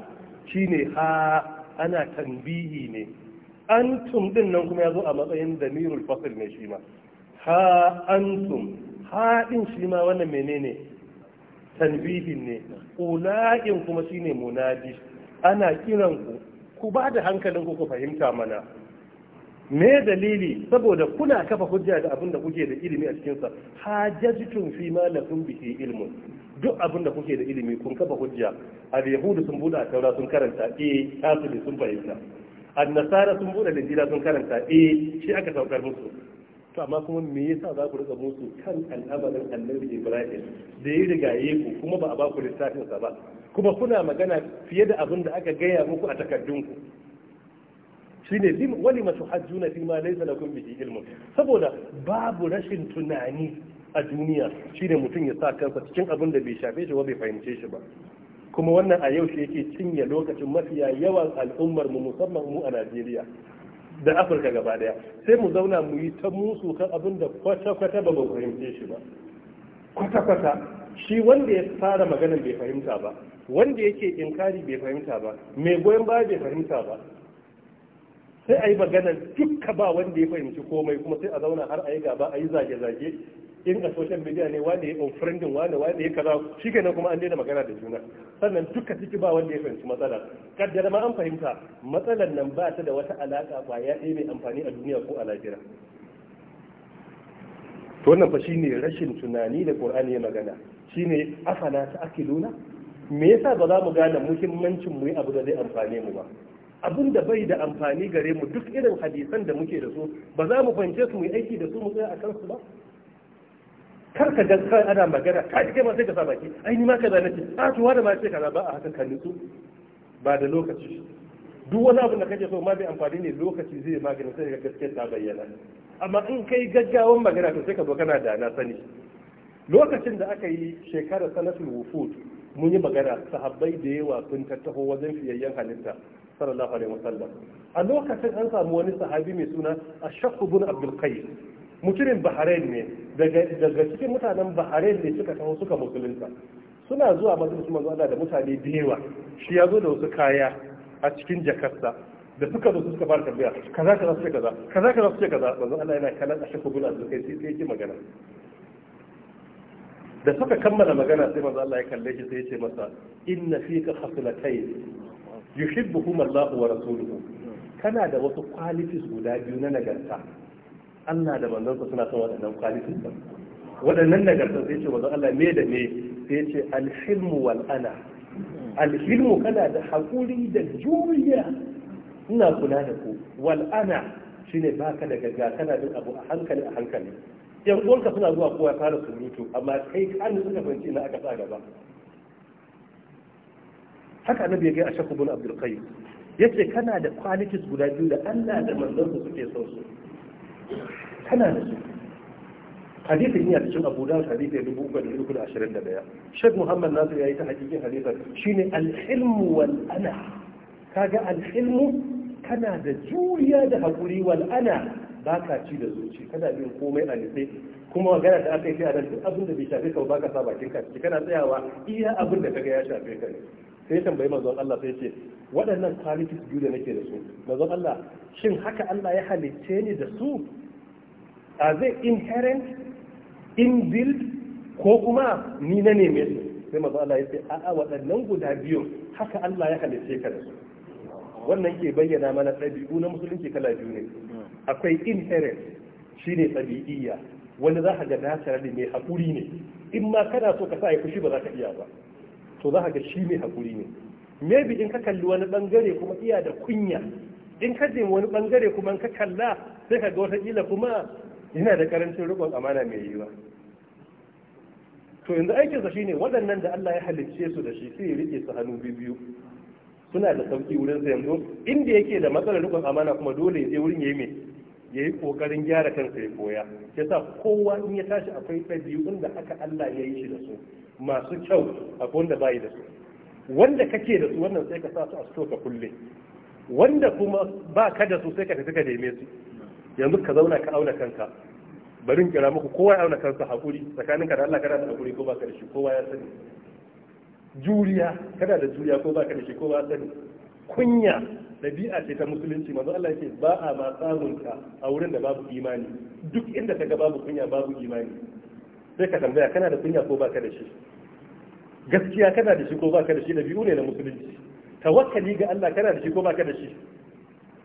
shine ha ana tanbihi ne antum din nan kuma ya zo a matsayin damirul fasil ne shi ma ha antum ha din shi ma wannan menene tanbihin ne ula'in kuma shine munadi ana kiran ku ku ba da hankalin ku ku fahimta mana me dalili saboda kuna kafa hujja da abin kuke da ilimi a cikinsa hajjajitun fi ma lakum bihi ilmun duk abin da kuke da ilimi kun kafa hujja al yahudu sun buɗe a taura sun karanta eh tasiri sun fahimta annasara sun buɗe jira sun karanta eh shi aka saukar musu to amma kuma me yasa za ku rika musu kan al'amarin annabi ibrahim da ya riga yi ku kuma ba a ba ku lissafin sa ba kuma kuna magana fiye da abin da aka gaya muku a takardun takardunku shine wani masu hajjuna fi ma laysa lakum bihi ilmun saboda babu rashin tunani a duniya shine mutum ya sa kansa cikin abin da bai shafe shi ba bai fahimce shi ba kuma wannan a yau shi yake cinye lokacin mafiya yawan al'ummar mu musamman mu a Najeriya da Afirka gaba daya sai mu zauna mu yi ta musu kan abin da kwata-kwata ba mu fahimce shi ba kwata-kwata shi wanda ya fara maganar bai fahimta ba wanda yake inkari bai fahimta ba mai goyon ba bai fahimta ba sai a yi maganar dukka ba wanda ya fahimci komai kuma sai a zauna har a yi gaba a yi zage-zage in a social media ne wanda ya unfriendin wanda wanda ya kaza shi kenan kuma an daina magana da juna sannan duka ciki ba wanda ya fahimci matsala kaddara ma an fahimta matsalar nan ba ta da wata alaka ya ɗaya mai amfani a duniya ko a lahira to wannan fa shine rashin tunani da qur'ani ya magana shine afala ta akiluna me yasa ba za mu gane muhimmancin mu yi abu da zai amfane mu ba abin da bai da amfani gare mu duk irin hadisan da muke da su ba za mu fahimce su mu yi aiki da su mu tsaya a kansu ba kar ka ga kai ana magana kai kai ma sai ka sa baki ai ni ma kaza nake a ah, to wanda ma sai kaza ba a haka ka nutsu ba da lokaci duk wani abu da kake so ma bai amfani ne lokaci zai magana sai ka gaske ta bayyana amma in kai gaggawan magana to sai ka zo kana da na sani lokacin da aka yi shekarar sanatul wufud mun yi magana sahabbai da yawa sun tattaho wajen fiyayyen halitta sallallahu alaihi wasallam a lokacin an samu wani sahabi mai suna ashaq bin abdul qais mutumin bahrain ne daga cikin mutanen bahrain ne suka kawo suka musulunta suna zuwa majalisun manzo Allah da mutane da shi ya zo da wasu kaya a cikin jakarta da suka zo suka fara tambaya kaza kaza suke kaza kaza kaza suke kaza manzo Allah yana kallon a shakku bula da yi sai yake magana da suka kammala magana sai manzo Allah ya kalle shi sai ya ce masa inna fika khaslatayn yuhibbuhum Allah wa rasuluhu kana da wasu qualities guda biyu na nagarta Allah da sa suna son waɗannan kwalitin ba waɗannan nagartar sai ce manzon Allah me da me sai ce alhilmu wal ana alhilmu kana da hakuri da juriya ina kula da ku wal ana shine baka da gagga kana bin abu a hankali a hankali yan uwanka suna zuwa kowa fara surutu amma kai kan suka fahimci ina aka sa gaba haka annabi ya ga ashaku bin abdul qayyim yace kana da qualities guda biyu da Allah da sa suke son su tana da su hadisin yana cikin abu da hadisi dubu uku da uku da ashirin da daya shek muhammad nasir ya yi ta hakikin hadisin shine alhilmu wal ana kaga alhilmu kana da juriya da hakuri wal ana baka ci da zuci kana bin komai a nitse kuma magana da aka yi a nan duk abin da bai shafe ka ba ka sa bakin ka kana tsayawa iya abin da kaga ya shafe ka ne sai tambayi manzon Allah sai ce waɗannan qualities biyu da nake da su manzon Allah shin haka Allah ya halicce ni da su a zai inherent inbuilt ko kuma ni na ne mai sai mazu Allah ya ce a'a waɗannan guda biyu haka Allah ya halice ka da su wannan ke bayyana mana ɗabi'u na musulunci kala biyu ne akwai inherent shine ɗabi'iyya wani za ka ga na ne mai haƙuri ne in ma kana so ka sa ya fushi ba za ka iya ba to za ka ga shi mai haƙuri ne maybe in ka kalli wani bangare kuma iya da kunya in ka je wani bangare kuma in ka kalla sai ka ga watakila kuma yana da karancin rikon amana mai yiwa to yanzu aikinsa shine waɗannan da Allah ya halicce su da shi sai ya rike su hannu biyu suna da sauki wurin sa yanzu inda yake da matsalar rikon amana kuma dole ya je wurin yayi mai yayi kokarin gyara kansa ya koya yasa kowa in ya tashi akwai ɗabi'un da aka Allah ya yi shi da su masu kyau akwai wanda bai da su wanda kake da su wannan sai ka sa su a ka kulle wanda kuma ba ka da su sai ka tafi ka neme su yanzu ka zauna ka auna kanka bari in kira muku kowa ya auna kansa hakuri tsakanin ka da Allah kana da hakuri ko baka da shi kowa ya sani juriya kana da juriya ko baka da shi kowa ya sani kunya dabi'a ce ta musulunci manzo Allah yake ba a ma samun ka a wurin da babu imani duk inda kaga babu kunya babu imani sai ka tambaya kana da kunya ko baka da shi gaskiya kana da shi ko baka da shi dabi'u ne na musulunci tawakkali ga Allah kana da shi ko baka da shi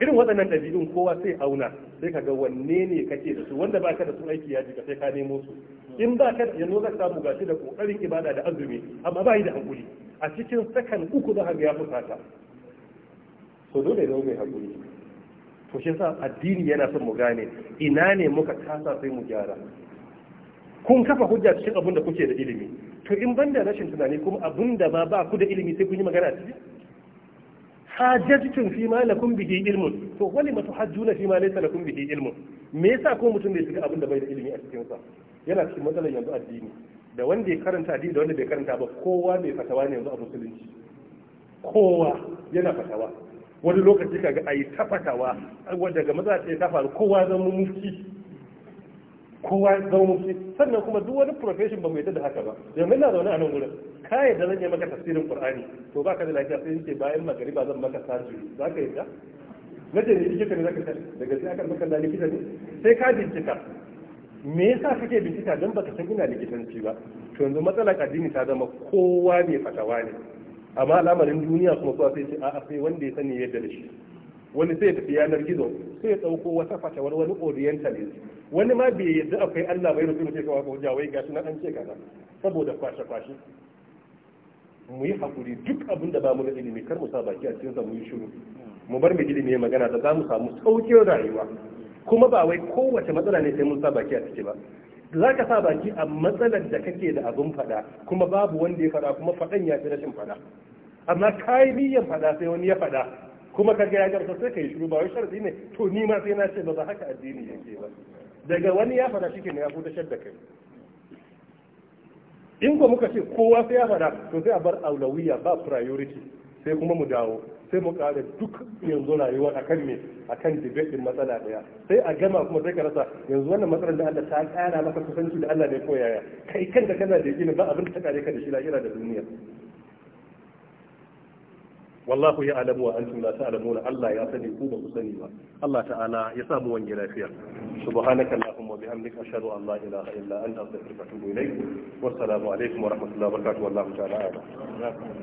irin waɗannan ɗabi'un kowa sai auna sai ka ga wanne ne kake da su wanda ba ka da su aiki ya jika sai ka nemo su in ba ka yanzu za ka samu gashi da ƙoƙarin ibada da azumi amma ba yi da hankuli. a cikin sakan uku za ka ga ya fusata so dole ne mai hankuli? to shi yasa addini yana son mu gane ina ne muka kasa sai mu gyara kun kafa hujja cikin abin da kuke da ilimi to in ban da rashin tunani kuma abin da ba ba ku da ilimi sai kun yi magana a ciki hajjajtum fi ma lakum bihi ilmun to wali ma hajjuna fi ma laysa lakum bihi ilmun me yasa ko mutum bai shiga abin da bai da ilimi a cikin sa yana cikin matsalar yanzu addini da wanda ya karanta addini da wanda bai karanta ba kowa mai fatawa ne yanzu a musulunci kowa yana fatawa wani lokaci kaga ayi ta fatawa wanda ga maza ce ta faru kowa zama mufti kowa zama mufti sannan kuma duk wani profession ba mai da haka ba yanzu ina zaune a nan gurin kai da zan yi maka tafsirin qur'ani to baka da lafiya sai yake bayan magariba zan maka sarji za ka yadda na ce ne kike ne zaka tashi daga sai aka maka likita ne sai ka bincika me yasa kake bincika dan baka san ina likitanci ba to yanzu matsalar addini ta zama kowa ne fatawa ne amma al'amarin duniya kuma kowa sai ce a'a sai wanda ya sani yadda da shi wani sai ya tafi yanar gizo sai ya ɗauko wata fatawar wani orientalist wani ma bai yadda akwai Allah bai rasu sai kawai hujja wai gashi na an ce kaza saboda kwashe kwashe mu yi hakuri duk abin da ba mu da ilimi kar mu sa baki a cikin mu yi shiru mu bar mu ilimi magana da za mu samu saukin rayuwa kuma ba wai kowace matsala ne sai mun sa baki a ciki ba za ka sa baki a matsalar da kake da abin fada kuma babu wanda ya fada kuma fadan ya fi rashin fada. amma kayi niyyar fada sai wani ya fada. kuma ka ga ya gamsa sai ka yi shiru ba wai sharadi ne to ni ma sai na ce ba ba haka addini yake ba daga wani ya fada shi ne ya futa da kai in ko muka ce kowa sai ya fada to sai a bar aulawiya ba priority sai kuma mu dawo sai mu kada duk yanzu rayuwa akan me akan debate din matsala daya sai a gama kuma sai ka rasa yanzu wannan matsalar da Allah ta kara maka kusanci da Allah ne koyaya yaya kai kanka kana da ne, ba abin da ta kare ka da shi lahira da duniya wallahu ya alamu wa antum la ta'lamuna Allah ya sani ku ba ku sani ba Allah ta'ala ya sa mu wange lafiya subhanaka allahumma wa bihamdika ashhadu an la ilaha illa anta astaghfiruka wa atubu ilaik wa assalamu alaikum wa rahmatullahi wa barakatuh wallahu ta'ala